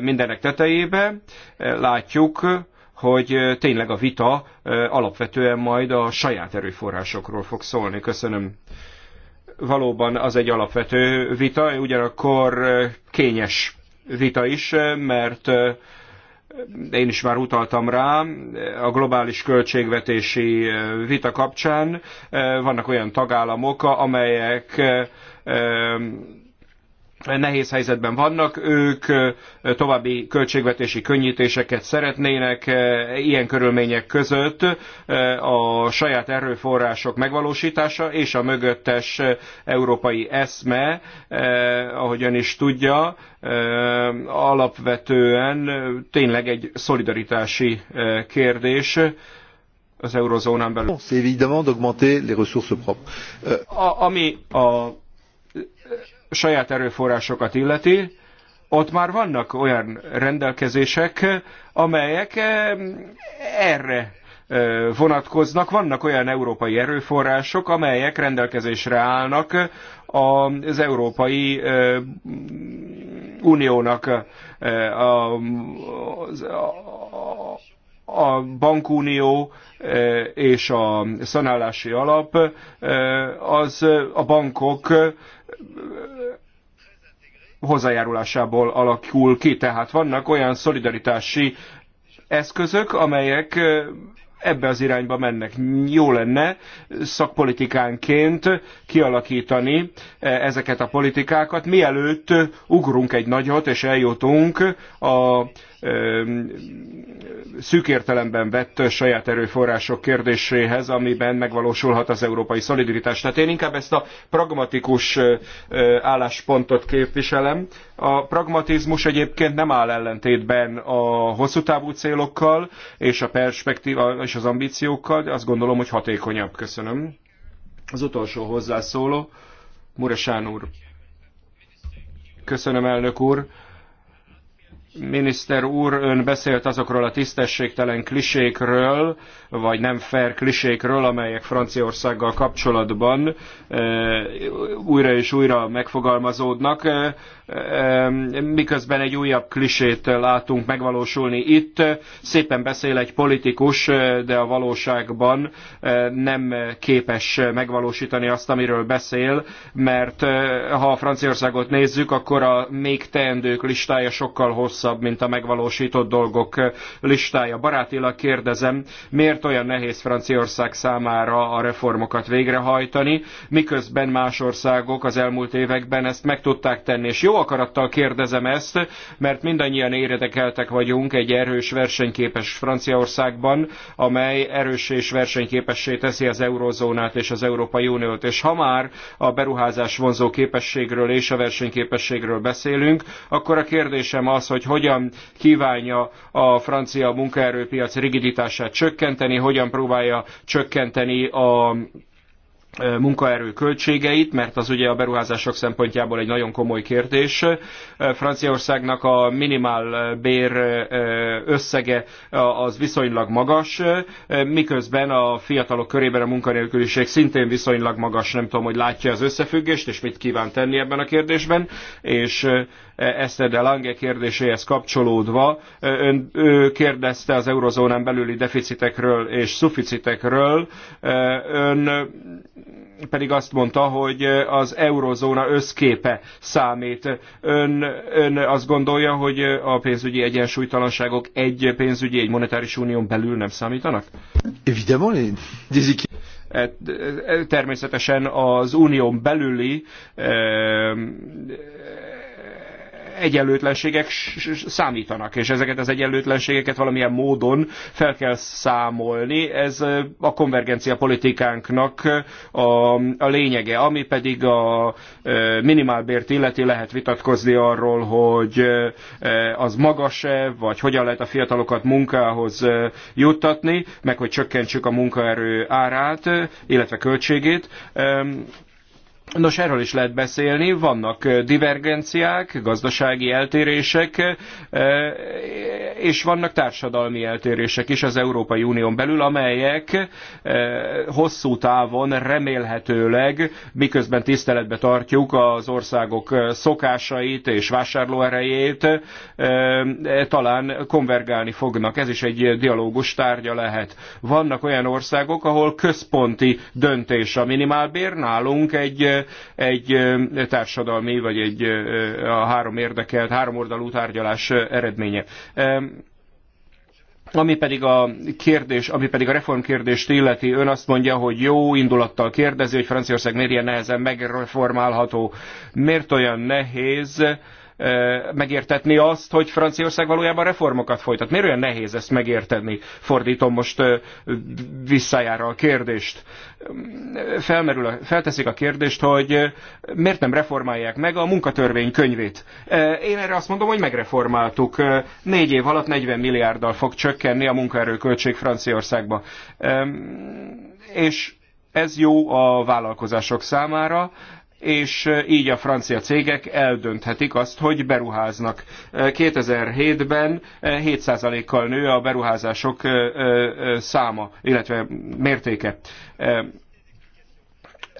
mindenek tetejébe látjuk, hogy tényleg a vita alapvetően majd a saját erőforrásokról fog szólni. Köszönöm. Valóban az egy alapvető vita, ugyanakkor kényes vita is, mert én is már utaltam rá, a globális költségvetési eh, vita kapcsán eh, vannak olyan tagállamok, amelyek eh, nehéz helyzetben vannak, ők további költségvetési könnyítéseket szeretnének ilyen körülmények között a saját erőforrások megvalósítása és a mögöttes európai eszme, ahogy ön is tudja, alapvetően tényleg egy szolidaritási kérdés az eurozónán belül. C'est ami a saját erőforrásokat illeti, ott már vannak olyan rendelkezések, amelyek eh, erre eh, vonatkoznak. Vannak olyan európai erőforrások, amelyek rendelkezésre állnak az Európai eh, Uniónak a bankunió és a szanálási alap az a bankok hozzájárulásából alakul ki. Tehát vannak olyan szolidaritási eszközök, amelyek ebbe az irányba mennek. Jó lenne szakpolitikánként kialakítani ezeket a politikákat, mielőtt ugrunk egy nagyot és eljutunk a szűk értelemben vett saját erőforrások kérdéséhez, amiben megvalósulhat az európai szolidaritás. Tehát én inkább ezt a pragmatikus álláspontot képviselem. A pragmatizmus egyébként nem áll ellentétben a hosszú távú célokkal és a perspektíva és az ambíciókkal, de azt gondolom, hogy hatékonyabb. Köszönöm. Az utolsó hozzászóló, Muresán úr. Köszönöm, elnök úr Miniszter úr, ön beszélt azokról a tisztességtelen klisékről, vagy nem fair klisékről, amelyek Franciaországgal kapcsolatban e, újra és újra megfogalmazódnak, e, e, miközben egy újabb klisét látunk megvalósulni itt. Szépen beszél egy politikus, de a valóságban nem képes megvalósítani azt, amiről beszél, mert ha a Franciaországot nézzük, akkor a még teendők listája sokkal hosszabb hosszabb, mint a megvalósított dolgok listája. Barátilag kérdezem, miért olyan nehéz Franciaország számára a reformokat végrehajtani, miközben más országok az elmúlt években ezt meg tudták tenni. És jó akarattal kérdezem ezt, mert mindannyian érdekeltek vagyunk egy erős versenyképes Franciaországban, amely erős és versenyképessé teszi az eurozónát és az Európai Uniót. És ha már a beruházás vonzó képességről és a versenyképességről beszélünk, akkor a kérdésem az, hogy hogy hogyan kívánja a francia munkaerőpiac rigiditását csökkenteni, hogyan próbálja csökkenteni a e, munkaerő költségeit, mert az ugye a beruházások szempontjából egy nagyon komoly kérdés. E, Franciaországnak a minimál bér e, összege az viszonylag magas, miközben a fiatalok körében a munkanélküliség szintén viszonylag magas, nem tudom, hogy látja az összefüggést, és mit kíván tenni ebben a kérdésben, és Eszter de Lange kérdéséhez kapcsolódva. Ön ő kérdezte az eurozónán belüli deficitekről és szuficitekről. Ön pedig azt mondta, hogy az eurozóna összképe számít. Ön, ön azt gondolja, hogy a pénzügyi egyensúlytalanságok egy pénzügyi, egy monetáris unión belül nem számítanak? E, e, természetesen az unión belüli egyenlőtlenségek számítanak, és ezeket az egyenlőtlenségeket valamilyen módon fel kell számolni. Ez a konvergencia politikánknak a, a lényege, ami pedig a minimálbért illeti lehet vitatkozni arról, hogy az magas-e, vagy hogyan lehet a fiatalokat munkához juttatni, meg hogy csökkentsük a munkaerő árát, illetve költségét Nos, erről is lehet beszélni, vannak divergenciák, gazdasági eltérések, és vannak társadalmi eltérések is az Európai Unión belül, amelyek hosszú távon remélhetőleg, miközben tiszteletbe tartjuk az országok szokásait és vásárlóerejét, talán konvergálni fognak. Ez is egy dialógus tárgya lehet. Vannak olyan országok, ahol központi döntés a minimálbér, nálunk egy egy társadalmi, vagy egy a három érdekelt, oldalú tárgyalás eredménye. Ami pedig a kérdés, ami pedig a reformkérdést illeti, ön azt mondja, hogy jó indulattal kérdezi, hogy Franciaország miért ilyen nehezen megreformálható. Miért olyan nehéz megértetni azt, hogy Franciaország valójában reformokat folytat. Miért olyan nehéz ezt megérteni? Fordítom most visszajára a kérdést. Felmerül a, felteszik a kérdést, hogy miért nem reformálják meg a munkatörvény könyvét. Én erre azt mondom, hogy megreformáltuk. Négy év alatt 40 milliárddal fog csökkenni a munkaerőköltség Franciaországba. És ez jó a vállalkozások számára, és így a francia cégek eldönthetik azt, hogy beruháznak. 2007-ben 7%-kal nő a beruházások száma, illetve mértéke.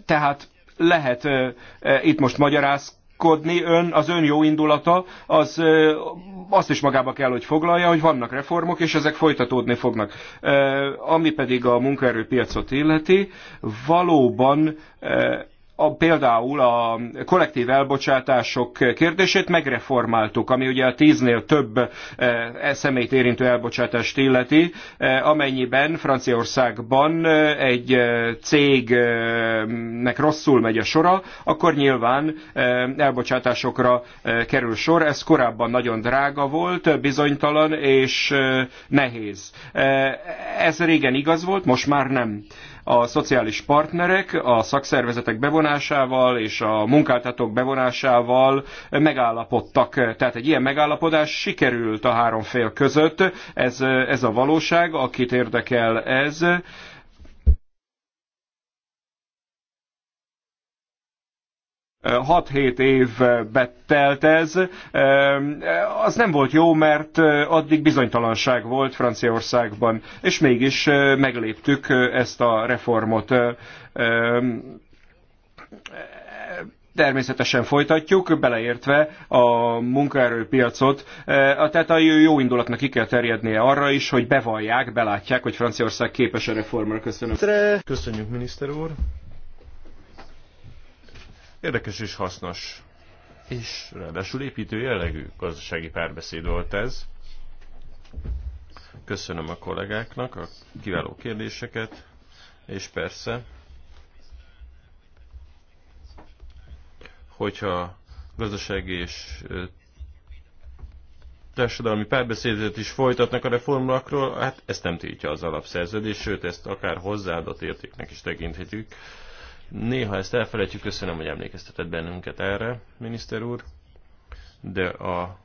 Tehát lehet itt most magyarázkodni ön, az ön jó indulata, az azt is magába kell, hogy foglalja, hogy vannak reformok, és ezek folytatódni fognak. Ami pedig a munkaerőpiacot illeti, valóban a, például a kollektív elbocsátások kérdését megreformáltuk, ami ugye a tíznél több e, e személyt érintő elbocsátást illeti, e, amennyiben Franciaországban e, egy e, cégnek rosszul megy a sora, akkor nyilván e, elbocsátásokra e, kerül sor. Ez korábban nagyon drága volt, bizonytalan és e, nehéz. E, ez régen igaz volt, most már nem. E, a szociális partnerek a szakszervezetek bevonásával és a munkáltatók bevonásával megállapodtak. Tehát egy ilyen megállapodás sikerült a három fél között. Ez, ez a valóság, akit érdekel ez. 6-7 év betelt ez. Az nem volt jó, mert addig bizonytalanság volt Franciaországban, és mégis megléptük ezt a reformot természetesen folytatjuk, beleértve a munkaerőpiacot. Tehát a jó indulatnak ki kell terjednie arra is, hogy bevallják, belátják, hogy Franciaország képes a reformra. Köszönöm. Köszönjük, miniszter úr. Érdekes és hasznos. És ráadásul építő jellegű gazdasági párbeszéd volt ez. Köszönöm a kollégáknak a kiváló kérdéseket, és persze, hogyha gazdasági és társadalmi párbeszédet is folytatnak a reformokról, hát ezt nem tiltja az alapszerződés, sőt ezt akár hozzáadott értéknek is tekinthetjük. Néha ezt elfelejtjük, köszönöm, hogy emlékeztetett bennünket erre, miniszter úr, de a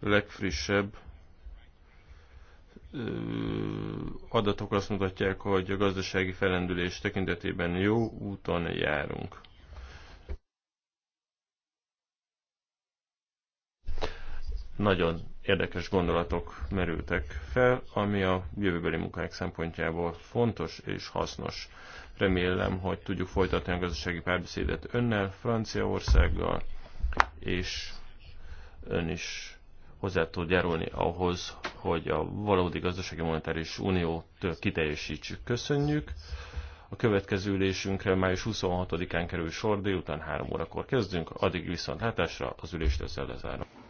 legfrissebb adatok azt mutatják, hogy a gazdasági felendülés tekintetében jó úton járunk. Nagyon érdekes gondolatok merültek fel, ami a jövőbeli munkák szempontjából fontos és hasznos. Remélem, hogy tudjuk folytatni a gazdasági párbeszédet önnel, Franciaországgal, és ön is hozzá tud járulni ahhoz, hogy a valódi gazdasági monetáris uniót kiteljesítsük. Köszönjük! A következő ülésünkre május 26-án kerül sor, délután 3 órakor kezdünk, addig viszont látásra az ülést ezzel lezárom.